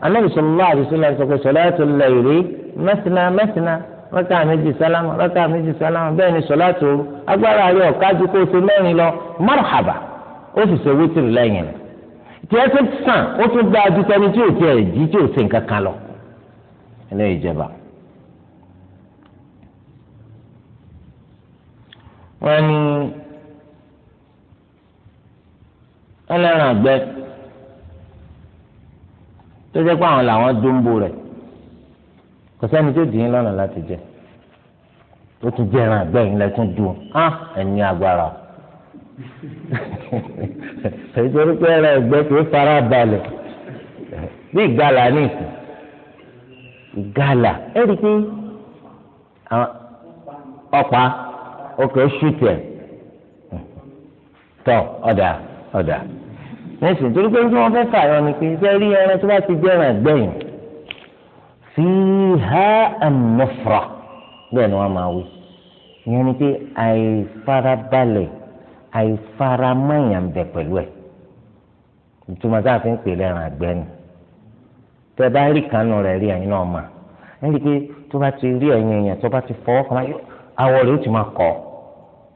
S1: anábì sallallahu alaihi wasallam sọ pé salatul rákà méjì sálámà rákà méjì sálámà bẹ́ẹ̀ ni sọ̀lá tó agbára rẹ̀ ọ̀kájú kó o ṣe mẹ́rin lọ ó sì ṣe wítìrì tiẹ̀ tó sàn ó tún dáa ju tẹni tí ò tiẹ̀ jí tí ò ṣe nǹkan kan lọ ẹlẹ́yìí ìjẹba. wọ́n ní ẹlẹ́ran àgbẹ̀ tó jẹ́ pé àwọn làwọn dúnbò rẹ̀ kò sẹ́ni tó dì í lọ́nà láti jẹ ó tún jẹ́ ẹran àgbẹ̀ yìí lẹ́tún dùn á ẹ̀yìn agbára o nítorí pé ẹ̀rọ ẹ̀gbẹ́ tó fara balẹ̀ bí ìgalà ní ìsìn ìgalà ẹ̀rí pé ọ̀pá òkè ṣùtì ẹ̀ tọ̀ ọ̀dà ọ̀dà nísìnyí torí pé wọ́n fẹ́ fààyọ ni pé ṣe rí ẹran tó bá ti jẹ́ ẹran ẹ̀gbẹ́yìn fi ha ẹ̀mọ́fra bẹ́ẹ̀ ni wọ́n máa wí ìyẹn ni pé àìfarabalẹ̀ àìfaramáyàn bẹ pẹ̀lú ẹ̀ ìtumọ̀ tá a fi ń pè lẹ́ràn àgbẹ̀ ni tẹ bá rí anyị rẹ̀ rí ẹ̀yin náà mà i pé tó bá ti rí ẹ̀yin èèyàn tó bá ti fọwọ́ kan báyìí awọ ó ti máa kọ́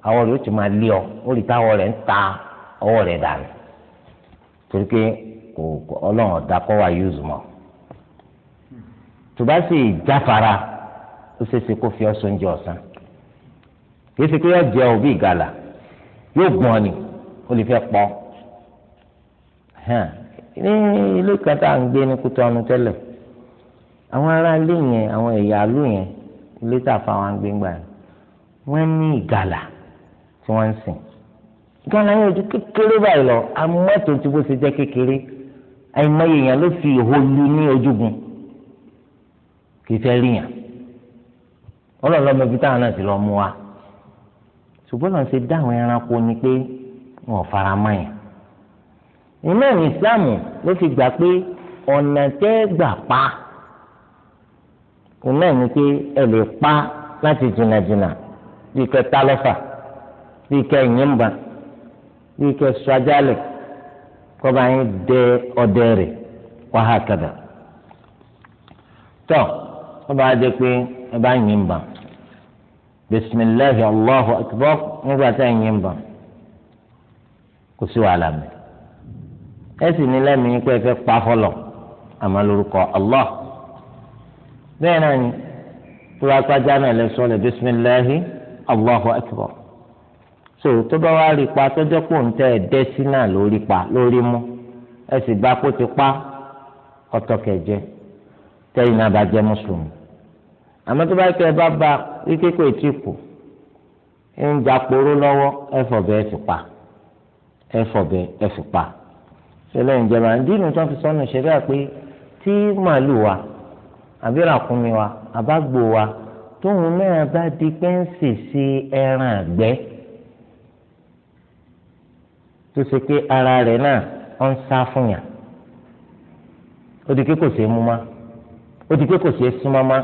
S1: awọ ó ti máa lé ọ ó rí i táwọ rẹ̀ ń ta ọwọ́ yóò gbọ́n ni ó lè fẹ́ pọ́ ní ilé kan tá à ń gbé ní Kútọ́nù tẹ́lẹ̀ àwọn ará ilé yẹn àwọn ẹ̀yà àlù yẹn ilé tá a fa wọn gbé gbà yẹn wọ́n ní ìgalà tí wọ́n ń sìn ìgalà yẹn ojú kékeré báyìí lọ amọ́tò tí bó ṣe jẹ́ kékeré àìmọye yẹn ló fi ìhó ní ojúgun kì í fẹ́ rí yàn ọlọ́ọ̀lọ́mọbi táwọn náà ti lọ mú wa ṣùgbọ́n náà ṣe dá àwọn ẹranko ni pé wọn ò fara mọ́ ẹ̀. ìmọ̀ islam ló fi gbà pé ọ̀nà tẹ́ gbà pa ìmọ̀ ní pé ẹ lè pa láti jìnnàjìnnà bí kẹ́ ta lọ́fà bí kẹ́ yìnbọn bí kẹ́ sọ ajálẹ̀ kọ́ba yín dẹ ọdẹ rẹ̀ wàhálà kàdà. tọ́ ọba adé pé ẹ bá yìnbọn. bisimilahi allahu akbar nígbà tá ẹ̀yin ń bọ̀ kò sí wàhálà mi ẹ sì ní lẹ́mìí pé ẹ fẹ́ pa fọlọ̀ àmọ́ lórúkọ allah bẹ́ẹ̀ so tó bá wá rí pa tọ́jọ́ pò ń tẹ́ sí náà lórí pa wípé kò tí kù ń ja kporó lọ́wọ́ ẹ̀fọ̀bẹ ẹ̀fìpa ẹ̀fọ̀bẹ ẹ̀fìpa ṣẹlẹ̀ ìjọba ìdílù tó fi sọnù ṣẹlẹ̀ tí màálù wa àbí wa àbágbò wa tóun náà bá di pé ń sèse ẹran àgbẹ́ tó ṣe ara rẹ̀ náà ọ̀ ń sá fún yàn ó di pé kò ṣeé mú ma. ó di pé kò súnmọ́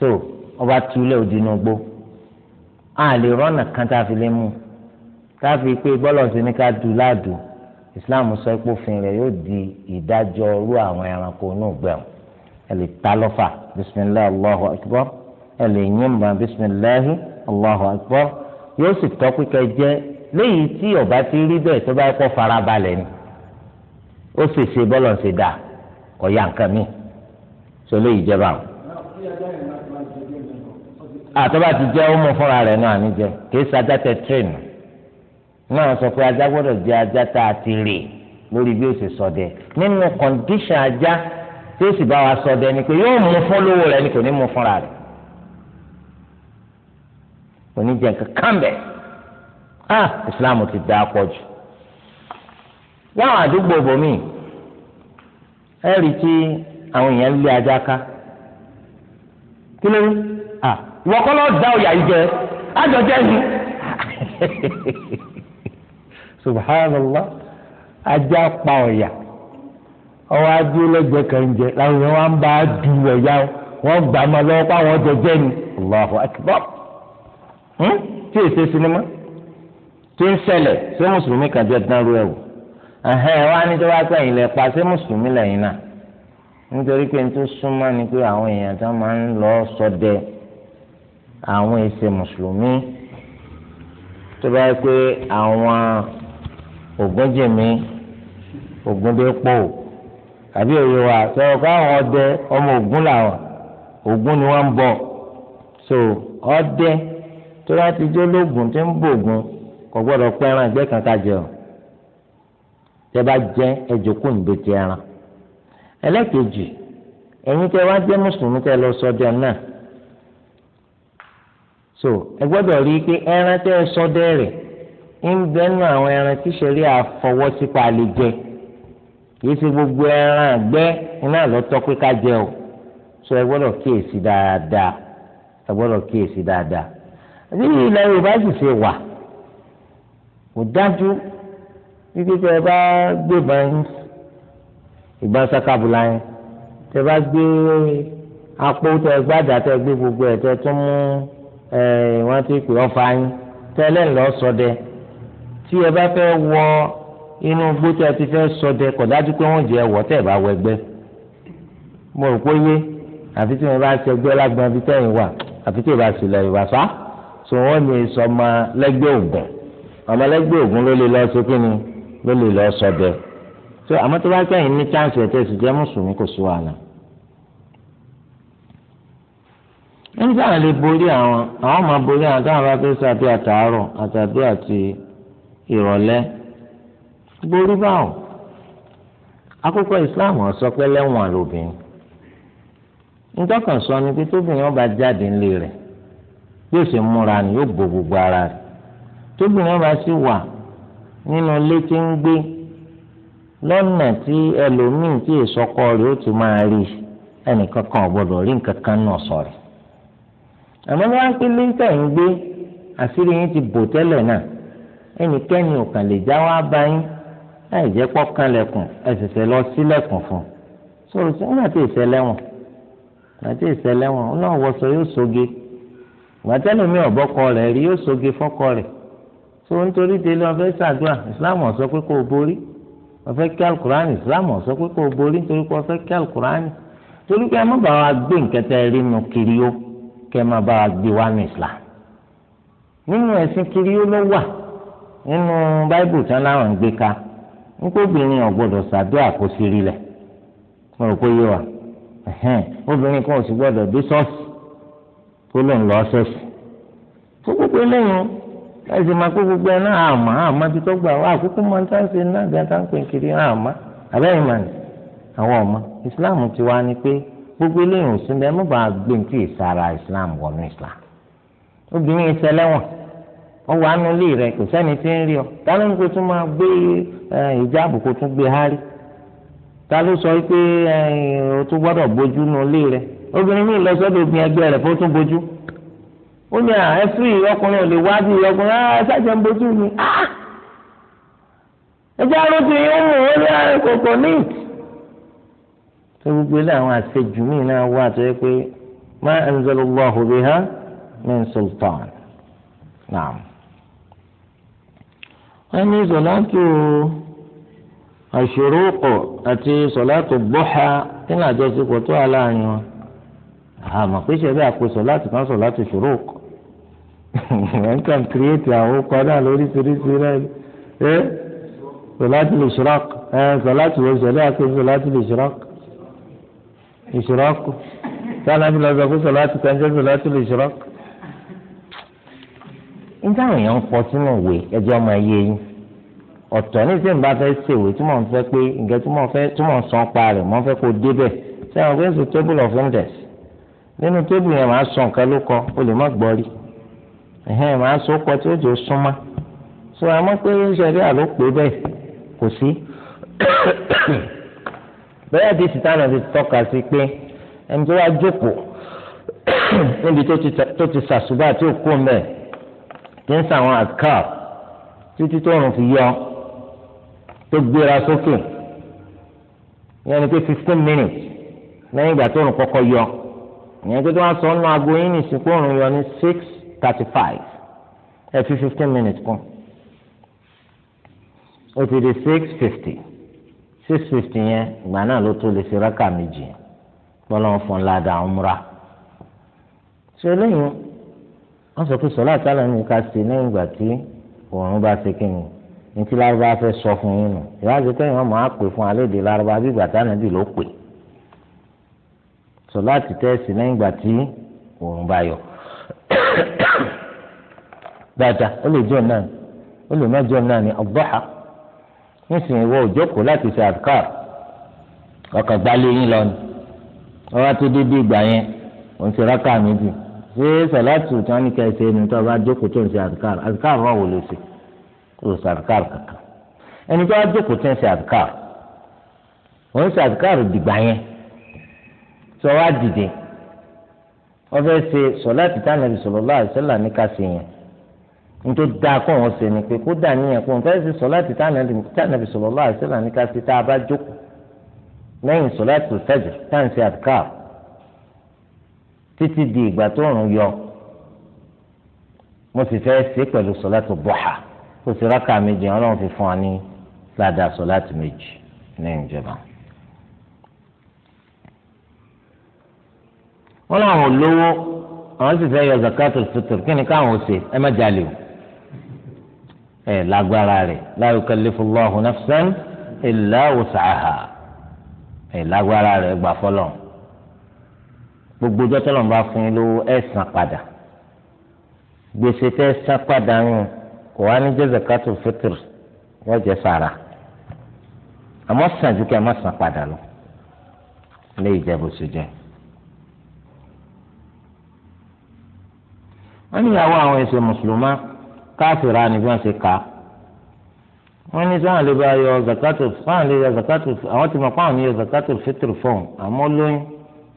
S1: so. ọba túlẹ̀ òdì inú gbó a lè rọ́nà kan tá a fi lè mú tá a fi pé bọ́lọ̀ sí ní ká dù láàdù Islam sọ pé òfin rẹ̀ yóò di ìdájọ́ irú àwọn ẹranko inú gbẹ̀rún ẹ lè ta lọ́fà bisimilahi allahu akbar ẹ lè yínbọn bisimilahi allahu akbar yóò sì tọ́ pípẹ́ jẹ́ léyìí tí ọba ti rí bẹ́ẹ̀ tó bá kọ́ farabalẹ̀ ni ó sì ṣe bọ́lọ̀ ṣe dà kọ́ ya nǹkan mi sọ léyìí jẹ́ báwọn àtọ́ba ti jẹ́ ọmọ fúnra rẹ̀ náà níjẹ kì í ṣe ajá tẹ tírìn náà sọ pé ajá gbọ́dọ̀ jẹ́ ajá tá a ti rè lórí bí ó ṣe ṣọdẹ nínú kọ̀ǹdíṣàn ajá tí ó sì bá wa ṣọdẹ ni pé yóò mú fún lówó rẹ̀ ni kò ní mú fúnra rẹ̀ kò nǹkan kan ah Islam ti dáa pọ̀ jù láwọn àdúgbò bòmí ẹ rí i tí àwọn èèyàn lé ajá ká kí ló rí ah wọ́n kọ́ lọ́ọ́ da ọ̀yà ìjẹ àjọjẹ́ ni subhanallah ajá pa ọ̀yà ọwọ́ adé lẹ́gbẹ̀ẹ́ kan jẹ làwọn èèyàn wọn bá du ọ̀yà wọn gbà má lọ́wọ́ pa àwọn jẹjẹ ni allahu akbar tí hmm? èsè sinimá tí ń ṣẹlẹ̀ ṣé mùsùlùmí kan jẹ́ dánrú ẹ̀ wò ẹ̀hẹ́n wá ní tó bá sẹ́yìn lẹ̀ pa ṣé mùsùlùmí lẹ́yìn náà nítorí pé n tó súnmọ́ ni pé àwọn èèyàn tó máa ń lọ sọdẹ àwọn èsè mùsùlùmí tó bá yẹ pé àwọn ògúnjèmí ògúndépò àbí òye wa sọ̀rọ̀ káwọn ọdẹ ọmọ ògún làwọn ògún ni wọ́n ń bọ̀ so ọdẹ tó bá ti jó lóògùn tó ń bògùn kò gbọ́dọ̀ pẹ́ ẹran ẹgbẹ́ kankan jẹ o tẹ bá jẹ ẹjọ kó níbi ti ẹran ẹlẹ́kejì ẹ̀yin tẹ wá jẹ́ mùsùlùmí tẹ lọ sọ́jà náà so ẹ gbọ́dọ̀ rí i pé ẹran tẹ́ ẹ sọ dẹ́rẹ̀ ń bẹ́nu àwọn ẹran tí sẹ́rí àfọwọ́sípa lè jẹ kìí ṣe gbogbo ẹran àgbẹ́ iná lọ́tọ́ pé ká jẹ o so ẹ gbọ́dọ̀ kíyèsí dáadáa ẹ gbọ́dọ̀ kíyèsí dáadáa àbí ilẹ̀ Yorùbá sì ṣe wà kò dájú títí tẹ ẹ bá gbé ìbọn ìbọn sakabula yẹn tẹ bá gbé apó tẹ gbàdá tẹ gbé gbogbo ẹ tẹ tún mú wọ́n ti pè ọfà yín tẹ́lẹ̀ ń lọ ṣọdẹ tí ẹ bá fẹ́ wọ inú igbó tí ẹ ti fẹ́ ṣọdẹ kò dájú pé wọ́n jẹ́ ẹ̀wọ̀ tẹ́ ẹ bá wọ ẹgbẹ́ mo rò pé yé àfi tí wọ́n bá ṣe ẹgbẹ́ lágbọn ibi tẹ́yìn wà àfi tí ìbá sílẹ̀ ìbá sá so wọ́n ní sọmọ lẹ́gbẹ́ ògùn ọmọ lẹ́gbẹ́ ògùn ló lè lọ sí kínní ló lè lọ ṣọdẹ so àmọ́ tó bá kẹ́yìn ní chance ẹ̀ tẹ̀sí jẹ́ mùsùlùmí kò sí wàhálà. wọ́n sáà lè borí àwọn àwọn máa borí àwọn táwọn bá fẹ́ atọ àtàárọ̀ àtàbí àti ìrọ̀lẹ́ borí báwọn akókò islam ọsọ lẹ́wọ̀n àlòbìnrin ntọkàn sọ ni pé tóbìnrin ọba jáde nle rẹ̀ bí èsì múra ni yóò gbogbo ara rẹ̀ tóbìnrin ọba sì wà nínú ilé tí ń gbé lọ́nà tí ẹlòmíì tí rẹ̀ ó ti máa rí àmọ́ ní wọ́n á pé lẹ́ńtẹ̀ ń gbé àṣírí yín ti bò tẹ́lẹ̀ náà ẹnikẹ́ni ò kàn lè já wá bá yín láì jẹ́ pọ́ kanlẹ̀kùn ẹ̀sẹ̀sẹ̀ lọ sílẹ̀kùn fún un sọ̀rọ̀ sí wọn àti ìṣẹ̀lẹ̀wọ̀n àti ìṣẹ̀lẹ̀wọ̀n ọlọ́run wọṣọ yóò soge gbàtẹ́lẹ̀mí ọ̀bọ́kọ rẹ̀ rí yóò soge fọ́kọ rẹ̀ tó nítorí délé ọ̀fẹ́ ṣàdúrà ìsìláàmù ọ̀sọ́ pé kò borí ọ̀fẹ́ kí alukurani ìsìláàmù ọ̀sọ́ pé kò borí nítorí pé ọ̀fẹ́ kí alukurani torí pé ẹ má bàa gbé nkẹtẹ rí nu kiri yóò kẹ́ máa bá wa gbé wá ní islam nínú ẹ̀sìn kiri ó ló wà nínú ń gbé ka nípa obìnrin ọ̀gbọ́dọ̀ sàdúrà kó sí rí lẹ̀ mo obìnrin kan ò sì gbọ́dọ̀ dé ṣọ́ọ̀ṣì kó lóun lọ tó gbogbo eléyìí máa kó gbogbo náà ti tó gbà wá àkókò máa ń tán ṣe náà àwọn ọmọ ti wá gbogbo eléyìí ò sí bẹ́ẹ̀ mú bàa gbé islam wọnú islam obìnrin ìṣẹlẹ́wọ̀n wọ́n wà nù lé rẹ̀ kò sẹ́ni tí ń rí ọ ta ló ń kó máa gbé ìjáàbù kó tún sọ pé o tún gbọ́dọ̀ bójú nù lé obìnrin mi lọ sọ́dọ̀ obìnrin ẹgbẹ́ fó tún bójú ó ní ò lè wá bí ẹ ṣàṣẹ ń bójú mi ah! ẹ jẹ́ àrùn tí ó mú gbogbo ilé àwọn àṣejù míì náà wà tó pé ma anzalallahu biha min sultan naam. wọ́n ní sọ̀láàtù àṣùrùkù àti tó wà láàrin wọn àmọ́ pé ṣẹlẹ̀ kan wọ́n kàn kírètì àwọn ọkọ̀ náà lóríṣiríṣi rẹ̀ ẹ́ lè lè ṣẹlẹ̀ ìṣòrọ́kù sálábí lọ sọ pé sọlá ti kàn jẹ́ sọlá ti lè ṣòrọ́kù. nígbà àwọn èèyàn ń kọ sínú ìwé ẹjọ́ ọmọ ayé yín ọ̀tọ̀ ní ìsìn bá fẹ́ ṣèwé tí mò ń fẹ́ pé ǹjẹ́ tí mò ń fẹ́ tí mò ń san pa rẹ̀ mò ń fẹ́ kó débẹ̀ sẹ́wọ̀n pé ṣe table of index nínú table yẹn màá sọ nǹkan ló kọ o lè má gbọ́ rí ẹ̀hẹ́n màá sọ kọ tí ó jò súnmọ́ sọ àmọ́ pé ṣẹ̀rí àló pé bẹ́ẹ̀ kò sí bẹ́ẹ̀ di sitana ti tọ́ka sí pé ẹni tó wá jókòó níbi tó ti sàṣùbà tí ó kó mbẹ tí ń sàwọn àká títí tó rùn fi yọ tó gbéra sókè ìyẹn ni pé fifteen minutes lẹ́yìn ìgbà tó rùn kọ́kọ́ yọ ìyẹn pé tó wá sọ ọ́nà aago yín ní ìsìnkú òrùn yọ ní six thirty five ẹ fi fifteen minutes kún ó ti di six fifty six fifty yẹn ìgbà náà ló tó lè ṣe rákà méjì gbọ́dọ̀ wọn fún ládà ọmúra ṣe lẹ́yìn wọ́n sọ pé sọlá àtàlà ní ká ṣe lẹ́yìn ìgbà tí òun bá ṣe kíni ní tí lárúbá fẹ́ sọ fún yín nù ìwádìí kẹ́yìn wọn máa pè fún alẹ́ èdè lárúbá bí ìgbà táwọn ẹbí ló pè sọlá ti tẹ́sí lẹ́yìn ìgbà tí òun bá yọ dáadáa ó lè jọ náà ó lè má jọ náà ní ọgbọ́ha nísìnyí wọ òjókòó láti ṣe àdúkàr ọkàn gbalẹ̀ yín lọ ni ọba tó dédé ìgbà yẹn òun ti rákà méjì ṣé sọláàtù tí wọn ní ká ẹsẹ ẹni tó bá jókòó tó ń ṣe àdúkàr àdúkàr náà wò ló ṣe kó o ṣe àdúkàr kankan ẹni tó bá jókòó tó ń ṣe àdúkàr òun ṣe àdúkàr dìgbà yẹn sọ wá dìde wọn fẹẹ ṣe sọláàtù tí wọn ní sọlọ lọ ṣe yẹn nítorí dáa kó wọn ṣe ni pé kó dà níyàn kó wọn fẹ́ẹ́ ṣe sọ́láàtì tánàbì sallallahu alaihi wasallam ní ká ṣe tá a bá jókòó lẹ́yìn sọ́láàtì fajr táǹsì àdìkà títí di ìgbà tó rùn yọ mo sì fẹ́ẹ́ ṣe pẹ̀lú sọ́láàtì duha kó sì rákà méjì ọlọ́run fi fún wa ní ládàá sọ́láàtì méjì lẹ́yìn ìjọba. wọ́n láwọn olówó àwọn sì fẹ́ yọ zakatul fitr kí ni káwọn ò ṣe ẹ má jalè o ẹ̀ lágbára rẹ̀ la yukallifullahu nafsan illa wus'aha ẹ̀ lágbára rẹ̀ gbà fọlọ́ gbogbo jọ́tọ́lọ́ bá fún yín lówó ẹ̀ san padà gbèsè tẹ́ san padà yín kò wá ní jẹ́ zakatul fitr wọ́n jẹ́ sàrà àmọ́ sàn ju kí a má san padà lọ lé ìjẹ́bù sójà. wọ́n ní ìyàwó àwọn ẹ̀sìn mùsùlùmá káfíra ni bí wọ́n ṣe kà á wọ́n ní sáwọn lè bá yọ zakato sáwọn lè yọ zakato àwọn ti mọ̀ pé àwọn ní yọ zakato fitiri fún àmọ́ lóyún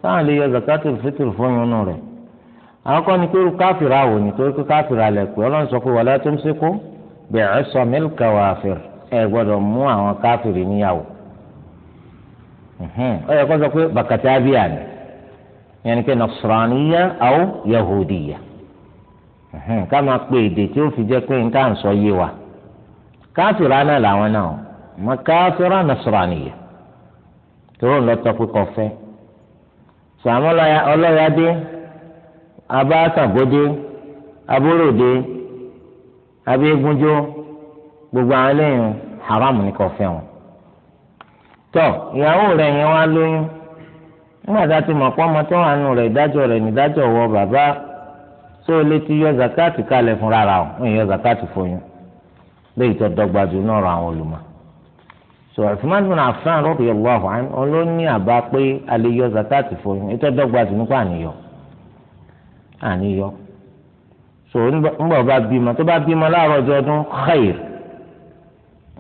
S1: sáwọn lè yọ zakato fitiri fún yọnu rẹ̀ àwọn kọ́ni pé káfíra wò ní torí pé káfíra lẹ̀ pé ọlọ́run sọ pé wàlá tó ń ṣe kó bẹ̀rẹ̀ sọ mílíkà wà fìr ẹ gbọ́dọ̀ mú àwọn káfíri níyàwó ọ yẹ kó sọ pé bàkàtà bíyà ni yẹn ni pé nasraniya àwọn yahudiya. ká máa pe èdè tí ó fi jẹ́ pé nǹkan sọ yé wa káfíra náà làwọn náà mọ káfíra nasọ̀rọ̀ nìyẹn tó ń lọ tọ́ pípọ̀ fẹ́ ọlọ́yàdé abátàgódé abúròdé gbogbo àwọn eléyìí haram ní kò wọn. tọ́ ìyàwó rẹ̀ yẹn wá lóyún nígbà tá a ti mọ̀ pé ọmọ tó wà nù rẹ̀ ìdájọ́ rẹ̀ nídájọ́ wọ bàbá. tó o lè ti yọ zakati kalẹ̀ fún rárá o wọ́n yọ zakati fún yín léyìí tó dọ́gba jù náà ra àwọn olùmọ̀ so Uthman bin Affan radiyallahu anhu ló ní àbá pé a lè yọ zakati fún yín ètò dọ́gba jù nípa àníyọ àníyọ so ńgbà bá bímọ tó bá bímọ láàárọ̀ ọjọ́ ọdún khair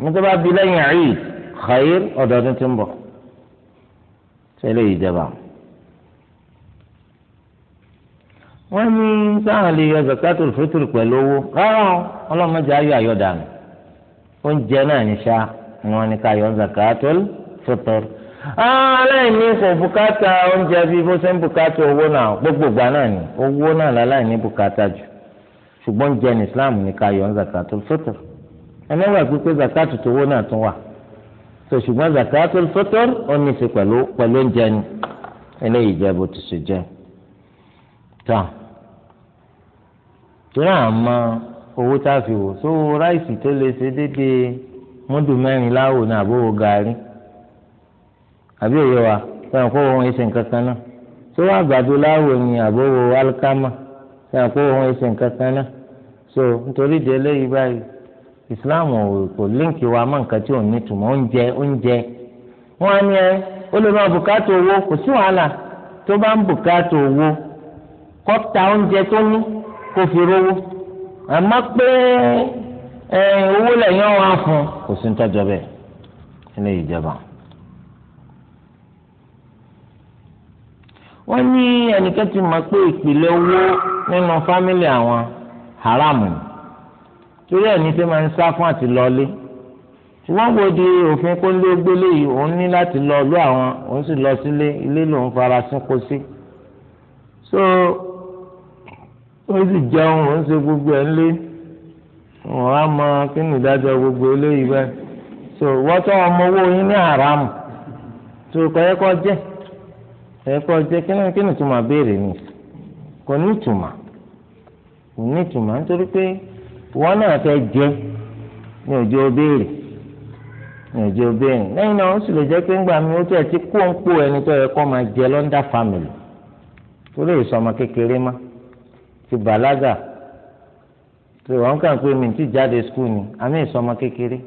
S1: nígbà bá bí lẹ́yìn Eid khair ọdọọdún ti ń bọ̀ tẹ́lẹ̀ ìjẹba o. wọ́n ní sáà lè yọ zakatul fitr pẹ̀lú owó rárá ọlọ́mọdé ayọ̀ àyọ̀dànù oúnjẹ náà ní sá wọ́n ká yọ zakatul fitr aláìní kò bùkátà oúnjẹ bíi bó ṣe ń bùkátà owó náà gbogbo náà ni owó náà láláìní bùkátà jù ṣùgbọ́n oúnjẹ ní Islam ní ká yọ zakatul fitr ẹ mẹ́wàá pípé zakatul tówó náà tún wà tó ṣùgbọ́n zakatul fitr ó ní í ṣe pẹ̀lú pẹ̀lú oúnjẹ ni eléyìí jẹ́ bó ti ṣe jẹ́ tán. torí ama owó tá a fi wò so ráìsì tó lè ṣe déédéé múdù mẹ́rin láwò ní àbówò gàárì àbí òye wa sẹ́yìn kó wọn ẹsẹ̀ nǹkan kan náà tó wà láwò ní alikama sẹ́yìn kó wọn ẹsẹ̀ nǹkan kan náà so nítorí ìdí eléyìí báyìí Islam kò líǹkì wa mọ́ nǹkan tí ò ní tùmọ̀ oúnjẹ oúnjẹ wọn á ní ẹ ó lè máa bùkátà kó fi rówó àmọ́ pé owó lẹ́yìn ọ̀hún á fún kò sí nítọ́jọ́ bẹ́ẹ̀ ilé ìjọba. wọ́n ní ẹnìkan ti mọ̀ pé ìpìlẹ̀ owó nínú fámìlì àwọn haramu ni torí ẹ̀ ní sẹ́ máa ń sá fún àti lọ́lé ṣùgbọ́n wo di òfin kó lé gbélé yìí òun ní láti lọ lọ àwọn òun sì lọ sílé ilé lòun fara sínkó sí. so wọ́n sì jẹun ń ṣe gbogbo ẹ̀ ńlé wọn á mọ kí gbogbo eléyìí bẹ́ẹ̀ so wọ́n tọ́ ọmọ owó yín ní àràmù tó kọ́yẹ́ kọ́ jẹ́ kọ́yẹ́ kọ́ jẹ́ kí ni kí ni béèrè ni kò ní kò ní nítorí pé náà fẹ́ jẹ́ ní ọjọ́ béèrè lẹ́yìn náà sì lè jẹ́ tó yẹ máa ti bàlágà tó wọn kàn pé mi ti jáde skul ni àmì ìsọmọ kékeré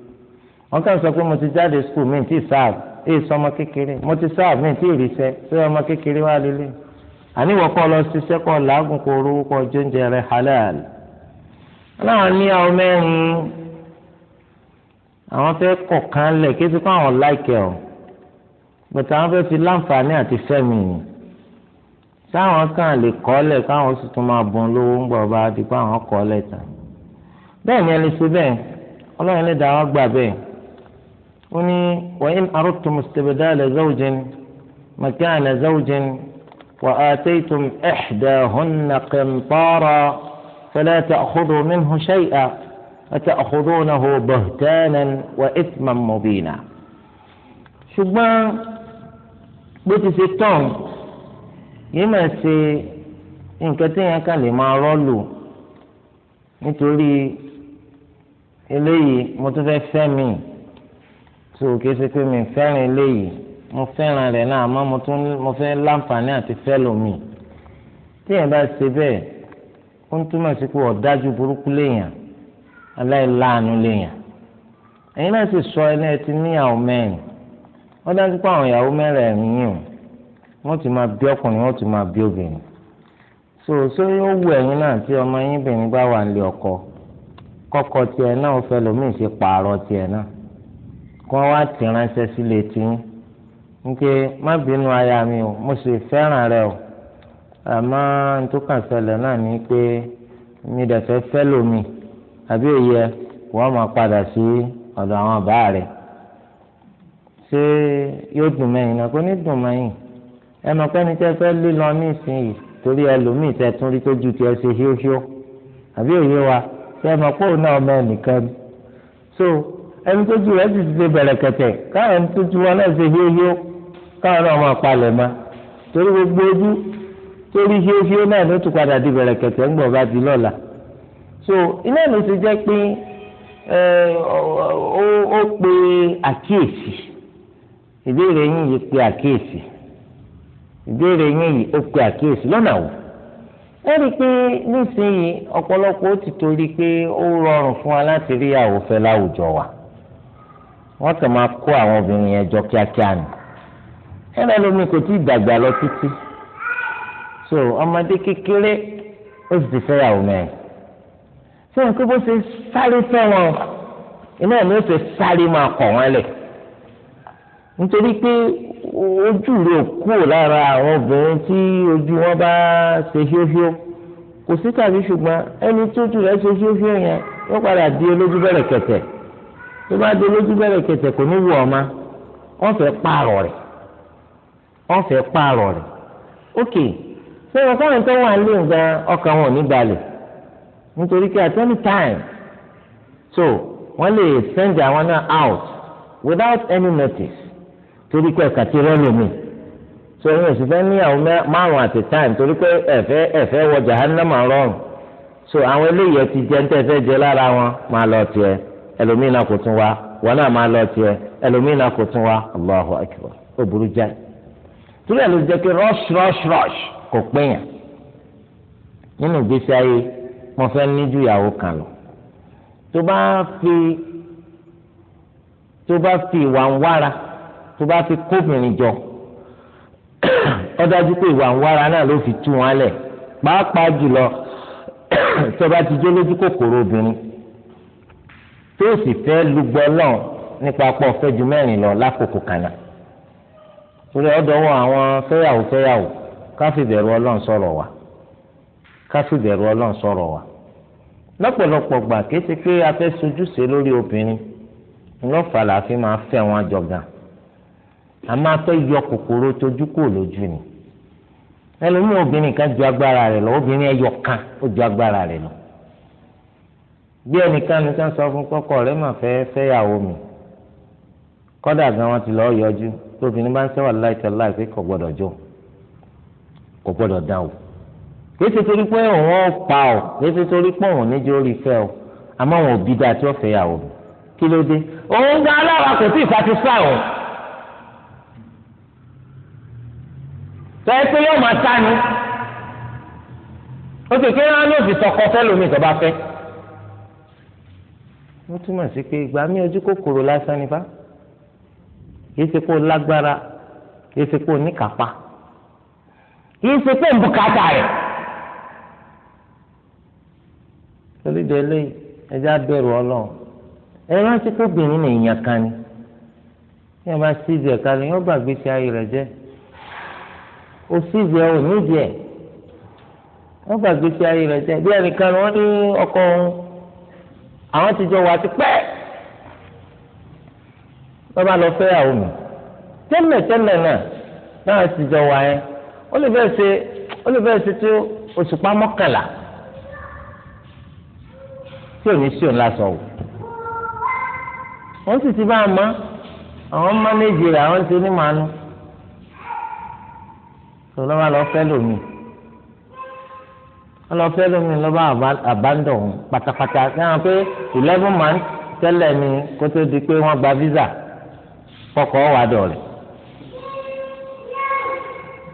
S1: wọn kàn sọ pé mo ti jáde skul mi ti sáàbù èyí e sọmọ kékeré mo ti sáàbù mi ti rìṣẹ sí ọmọ kékeré wà lélẹ àníwọ̀ kọ́ lọ ṣiṣẹ́ kọ́ làágùn kó rówó kọ́ rẹ halal aláwọn níyàwó mẹ́rin àwọn fẹ́ kọ̀ọ̀kan lẹ̀ kí ẹ ti kọ́ àwọn láìkẹ́ ọ̀ pẹ̀tẹ́ àwọn fẹ́ fi láǹfààní àti fẹ́mi yìí táwọn kan lè kọ́lẹ̀ káwọn sì tún máa bọ́n lówó ń gbọ́ bá a di pé àwọn kọ́lẹ̀ tán bẹ́ẹ̀ ni ẹni ṣe bẹ́ẹ̀ ọlọ́run lè dá wa gbà bẹ́ẹ̀ ó ní wa in aradtum istibdala zawjin makana zawjin wa ataytum ihdahunna qintara fala ta'khudhu minhu shay'a ata'khudhunahu buhtanan wa ithman mubina ṣùgbọ́n bó ti ṣe tán yìí máa ṣe nǹkan téèyàn kàn lè máa rọ́ọ̀lù nítorí eléyìí mo tún fẹ́ fẹ́ mi tó o kéṣe pé mi fẹ́ràn eléyìí mo fẹ́ràn rẹ̀ náà àmọ́ mo tún mo fẹ́ láǹfààní àti fẹ́ lómi téèyàn bá ṣe bẹ́ẹ̀ ó ń túmọ̀ sí pé ọ̀dájú burúkú léèyàn aláìláàánú léèyàn ẹ̀yin náà sì sọ ẹ ti níyàwó mẹ́rin wọ́n dájú pé àwọn ìyàwó mẹ́rẹ̀ẹ̀rin yìí o wọ́n ti máa bí ọkùnrin ọ ti máa bí obìnrin so so ó wù ẹ̀yin náà tí ọmọ yín bìnrin bá wà nílé ọkọ kọkọ tiẹ̀ náà ó lómi ṣe pààrọ̀ tiẹ̀ náà kó wá ti ránṣẹ́ sílé tiyín nke má bínú aya mi o mo sì fẹ́ràn rẹ o náà pé mi lómi àbí òye máa padà sí àwọn ṣé yóò dùn náà ní dùn ẹnu pẹ́ni tẹ́ fẹ́ lé lọ ní ìsinyìí torí ẹlòmíì tẹ́ tún rí tójú tiẹ̀ ṣe híóhíó àbí òye wa tẹ́ ẹ mọ̀ pé òun náà ọmọ ẹnìkan ni so ẹni tójú rẹ̀ sì ti ṣe bẹ̀rẹ̀ kẹ̀tẹ̀ káwọn ẹni tójú wọn náà ṣe híóhíó káwọn náà máa palẹ̀ ma torí gbogbo ojú torí híóhíó náà ló tún padà di bẹ̀rẹ̀ kẹ̀tẹ̀ ńgbọ̀ bá di lọ́la so iná ló ti jẹ́ pé ó pe àkíyèsí ìbéèrè yín yìí pe àkíyèsí ìbéèrè yín yìí ó pe àkíyèsí lọ́nà wò ẹ rí i pé nísìnyí ọ̀pọ̀lọpọ̀ ó ti torí pé ó rọrùn fún wa láti rí ìyàwó fẹ́ láwùjọ wa wọ́n kàn máa kó àwọn obìnrin yẹn jọ kíákíá ni ẹ̀rọ lómi kò tí ì dàgbà lọ títí so ọmọdé kékeré ó sì ti fẹ́ ìyàwó mẹ́rin ṣé nǹkan bó ṣe sáré fẹ́ wọn iná ẹ̀ ní ó ṣe sáré máa kọ̀ wọ́n lẹ̀ nítorí pé ojú rẹ̀ kúrò lára àwọn obìnrin tí ojú wọn bá ṣe fíofíó kò sí tàbí ṣùgbọ́n ẹni tójú rẹ̀ ṣe fíofíó yẹn wọ́n padà di olójú bẹ̀rẹ̀ kẹ̀tẹ̀ tó bá di olójú bẹ̀rẹ̀ kẹ̀tẹ̀ kò ní wù ọ́ ma wọ́n fẹ́ pààrọ̀ rẹ̀ wọ́n fẹ́ pààrọ̀ rẹ̀ ok ṣé wọn káwọn tó wà lé nǹkan ọkàn wọn ò ní balẹ̀ nítorí pé at any time so wọ́n lè send their náà out without any notice torí pé ẹ̀ka ti rẹ́ lómi tó ẹ̀yin òsì fẹ́ níyàwó márùn àti táìm torí pé ẹ̀fẹ́ ẹ̀fẹ́ wọ jahannama rọrùn so àwọn eléyìí ẹ ti jẹ ń tẹ́fẹ́ jẹ lára wọn máa lọ tiẹ̀ ẹlòmíì náà kò tún wá wọn náà máa lọ tiẹ̀ ẹlòmíì náà kò tún wá Allahu akbar ó burú jáì torí ẹ̀ ló jẹ́ pé rush rush rush kò péyàn nínú ìgbésí ayé mo fẹ́ níjú ìyàwó kan lọ tó bá fi tó bá fi ìwà ń wára tó bá fi kóbìnrin jọ ó dájú pé ìwà ńwára náà ló fi tú wọn lẹ̀ pàápàá jùlọ tó bá ti jó lójú kòkòrò obìnrin tó sì fẹ́ lùgbọ náà nípa pọ̀ fẹ́ ju mẹ́rin lọ lákòókò kànáà torí ọdọwọ àwọn fẹ́yàwó fẹ́yàwó káfíbẹ̀rù Ọlọ́run sọ̀rọ̀ wa káfíbẹ̀rù Ọlọ́run sọ̀rọ̀ wa lọ́pọ̀lọpọ̀ gbà kété pé a fẹ́ sojúṣe lórí obìnrin ńlọfà làá fi máa fẹ́ wọn jọ gan a máa fẹ́ yọ kòkòrò tójú kò lójú ni ẹlòmíì obìnrin kan ju agbára rẹ̀ lọ obìnrin ẹyọ kan ó ju agbára rẹ̀ lọ bí ẹnìkan nìkan sọ fún kọ́kọ́ rẹ̀ mà fẹ́ fẹ́yàwó mi kọ́dà gan wọn ti lọ́ọ́ yọjú tóbìnrin bá ń sẹ́wà láìtọ́ láìpẹ́ kò gbọ́dọ̀ jọ kò gbọ́dọ̀ dá o kì í ṣe torí pé òun ó pa o kì í ṣe torí pé òun níjó rí fẹ́ o àmọ́ òun òbí dáa tí ó fẹ́yàwó mi kí ló dé òun gan alára kò tí ì tọ́yẹ pé yóò máa tánu ó sì kéré ló fi sọkọ fẹ́lómi tó bá wọ́n túmọ̀ sí pé ìgbà mi ojú kòkòrò lásán ni bá yìí ṣe kó lágbára yìí ṣe kó níkàpá yìí ṣe kó nbùkátà rẹ̀ torí délé ẹjẹ́ abẹ́rù ọlọ́run ẹ rántí kó obìnrin nìyẹn kan ni yóò bá ṣíbi ẹ̀ka ni yóò gbèsè ayé rẹ̀ jẹ́ o sì zẹ o ní zẹ wọn gbàgbé sí ayé rẹ jẹ bí ẹnìkan wọn ní ọkọ òun àwọn ti jọ wà ti pẹ́ wọn bá lọ fẹ́ àwọn mi tẹ́lẹ̀ tẹ́lẹ̀ náà náà ti jọ wà yẹn ó lè bẹ́ẹ̀ ṣe ó lè bẹ́ẹ̀ ṣe tí òṣùpá mọ́kànlá tí ò ní sí òun lásán o wọ́n sì ti bá a mọ́ àwọn mánéjì rẹ̀ àwọn ti ní màánu lọ́ba lọ fẹ́ lómi lọ fẹ́ lómi lọ́ba àbándọ̀ pátápátá sáwọn pé eleven months tẹ́lẹ̀ ni kó tó di pé wọ́n gba visa kọ́kọ́ wà dọ̀rẹ́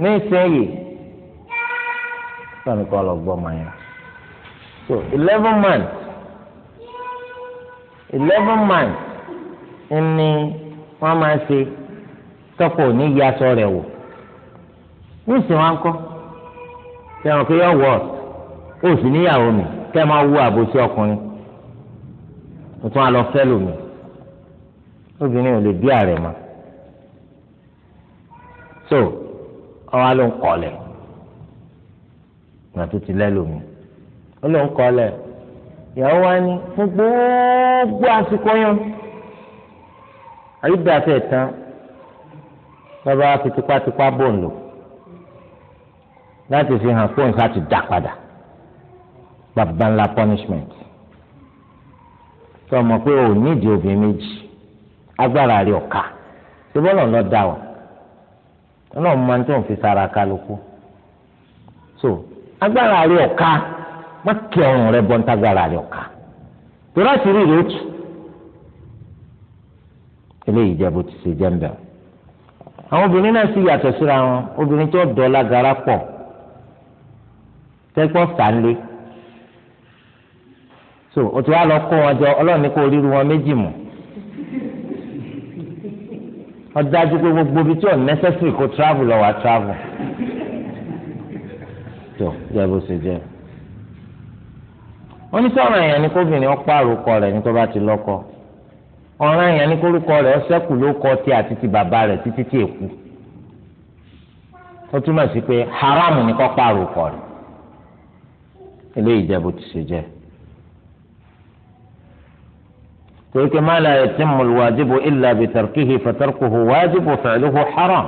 S1: ní ìsinyìí sọ̀rọ̀ kọ́ lọ gbọ́ mọ̀ yẹn so eleven months eleven months ni wọ́n máa ṣe tọ́pọ̀ ní ìyá rẹ̀ wò. níìsín wa ń kọ́ sẹ́wọ̀n pé yọ wọ̀ ọ́ níyàwó mi kẹ́ máa wú àbòsí ọkùnrin mo tún á lọ fẹ lómi obìnrin ò lè bí ààrẹ so ọwọ́ ló ń kọ́lẹ̀ màtó ti lẹ́lómi ó ló ń kọ́lẹ̀ ìyàwó wa ní fún gbogbo àsìkò yẹn àyídàfẹ́ tán bàbá fi tipátipá bò ń lò. láti fi hàn pé nǹkan ti dà padà bàbá ńlá punishment tó o mọ̀ pé o nídìí obìnrin méjì agbára rẹ̀ ọ̀ka ṣé bọ́lọ̀ lọ dá o ọlọ́run máa ń tó ń fi sára kálukú so agbára rẹ̀ ọ̀ka má kí ọrùn rẹ̀ bọ́ ń tágbára rẹ̀ ọ̀ka torí àṣírí rẹ̀ ó tù eléyìí jẹ́ bó ti ṣe jẹ́ ń bẹ̀rù àwọn obìnrin náà sì yàtọ̀ síra wọn obìnrin tó dọ̀ lágara pọ̀ tẹ́gbọ́n sàlẹ̀ so o ti wá lọ kó wọn jọ ọlọ́run ní kó ríru wọn méjì mọ̀ ọdájú pé gbogbo ibi tí ò nẹ́sẹ̀sìrì kó travel lọ wá travel tó jẹ́ bó ṣe jẹ́ wọ́n ní sọ̀rọ̀ èèyàn ní kóbìnrin ọ̀pọ̀ àròkọ rẹ̀ ní tó bá ti lọ́kọ ọ̀rọ̀ èèyàn ní kórúkọ rẹ̀ ọ̀sẹ́kù ló kọ tí àti ti bàbá rẹ̀ títí tí èkú ó túmọ̀ sí pé haram ní kọ́ pàròkọ rẹ̀ eléyìí jẹ́ bó ti ṣe jẹ́ torí pé má la yatimmu al-wajibu illa bi tarkihi fa tarkuhu wajibu fi'luhu haram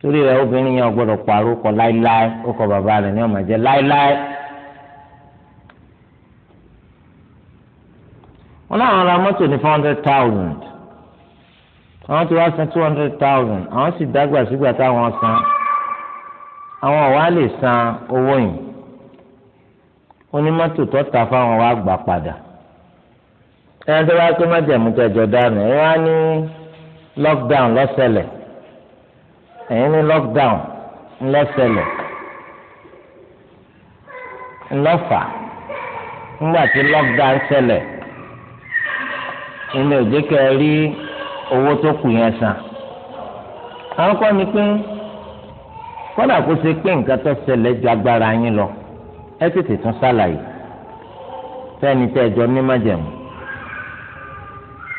S1: torí rẹ̀ obìnrin yẹn gbọ́dọ̀ pààrọ̀ kọ láíláí ó kọ bàbá rẹ̀ ní ọmọ jẹ́ láíláí. wọn láwọn ra mọ́tò ní four hundred thousand àwọn tí wọ́n san two hundred thousand àwọn sì dágbà sígbà táwọn san àwọn wa lè san owó yìí onímọ́tò tó ta fáwọn wa gbà padà ẹni tó bá pé májèmú jẹjọ dànù ẹ wá ní lockdown lọ́sẹ̀lẹ̀ ẹ̀yin ní lockdown lọ́sẹ̀lẹ̀ ńlọ́fà ńgbà tí lockdown ṣẹlẹ̀ ilé òjé kẹ́ ẹ rí owó tó kù yẹn san àwọn kọ́ ni pé kọ́dà kó ṣe pé nǹkan tó ṣẹlẹ̀ ju agbára yín lọ ẹ tètè tún ṣàlàyé fẹ́ni tẹ́ ẹjọ́ ní májẹ̀mú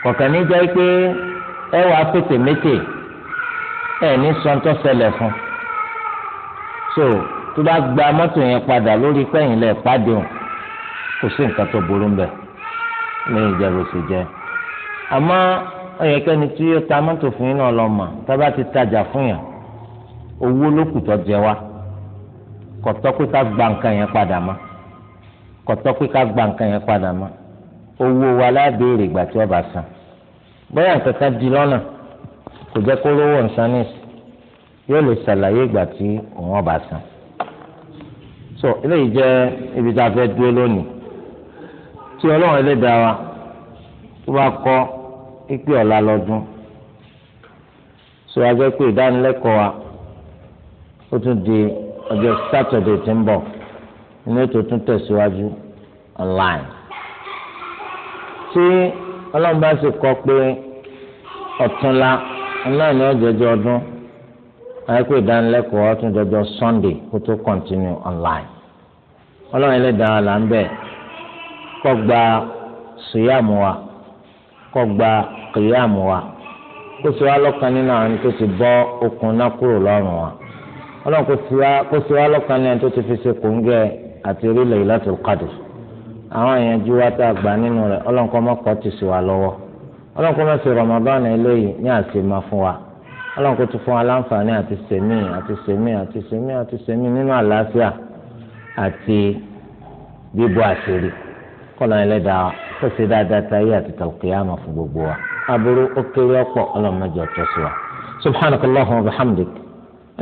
S1: kọ̀ọ̀kan ní jẹ́ pé ẹ wà pété mété ẹ ní sọ́n tó ṣẹlẹ̀ fún so tó bá gba mọ́tò yẹn padà lórí pẹ́yìn lẹ̀ pàdé o kò sí nǹkan tó burú ń bẹ̀ ní ìjẹ́bù sì jẹ́ àmọ́ ẹ̀yẹ́kẹ́ni tí ó ta mọ́tò fún yín náà lọ́ọ́ mà tá bá ti tajà fún yàn owó lókùtọ̀ jẹ wá kọ̀tọ́ pé ká gba nǹkan yẹn padà mọ́ kọ̀tọ́ pé ká gba nǹkan yẹn padà mọ́ owó wa lábẹ́rẹ́ ìgbà tí wọ́n bá san bóyá nǹkan kan di lọ́nà kò jẹ́ kó lówó nǹkan ní yóò lè ṣàlàyé ìgbà tí òun ọba san so eléyìí jẹ́ ibi tá a fẹ́ dúró lónìí tí ọlọ́run ẹlẹ́dàá wa tó bá kọ́ ìpè ọ̀la lọ́dún so a jẹ́ pé ìdánilẹ́kọ̀ọ́ wa. ó tún di ọjọ́ sátọ̀dẹ̀ tí ń bọ̀ nínú ètò tún tẹ̀síwájú online. tí ọlọ́run bá sì kọ pé ọ̀túnla online ní ọjọ́jọ́ ọdún àyẹ̀kọ́ ìdánilẹ́kọ̀ọ́ ọtún jọjọ́ sunday kó tó continue online. ọlọ́run ẹlẹ́dàá là ń bẹ̀ kọ́ gba síyàmù wa kọ́ gba kìyàmù wa kó sì wá lọ́kàn nínú àwọn tó ọlọ́run kò sí wa lọ́kàn ní ẹni tó ti fi ṣe kòńgẹ́ àti orí Laylatul Qadr àwọn èèyàn ju wa tá a gbà nínú rẹ̀ ọlọ́run kọ́ mọ́kọ́ ti sí wa lọ́wọ́ ọlọ́run kọ́ mọ́sẹ̀ Ramadan eléyìí ní àṣemá fún wa ọlọ́run kò tún fún wa láǹfààní àti sèmí àti sèmí àti sèmí àti sèmí nínú àlàáfíà àti bíbọ àṣírí kọ́lọ́ ẹlẹ́dàá kó dáadáa táyé àti tàlùkìyàmọ̀ fún gbogbo wa aburú ó kéré ọ̀pọ̀ ọlọ́run mẹ́jọ tó sí wa subhanakallahu wa bihamdik.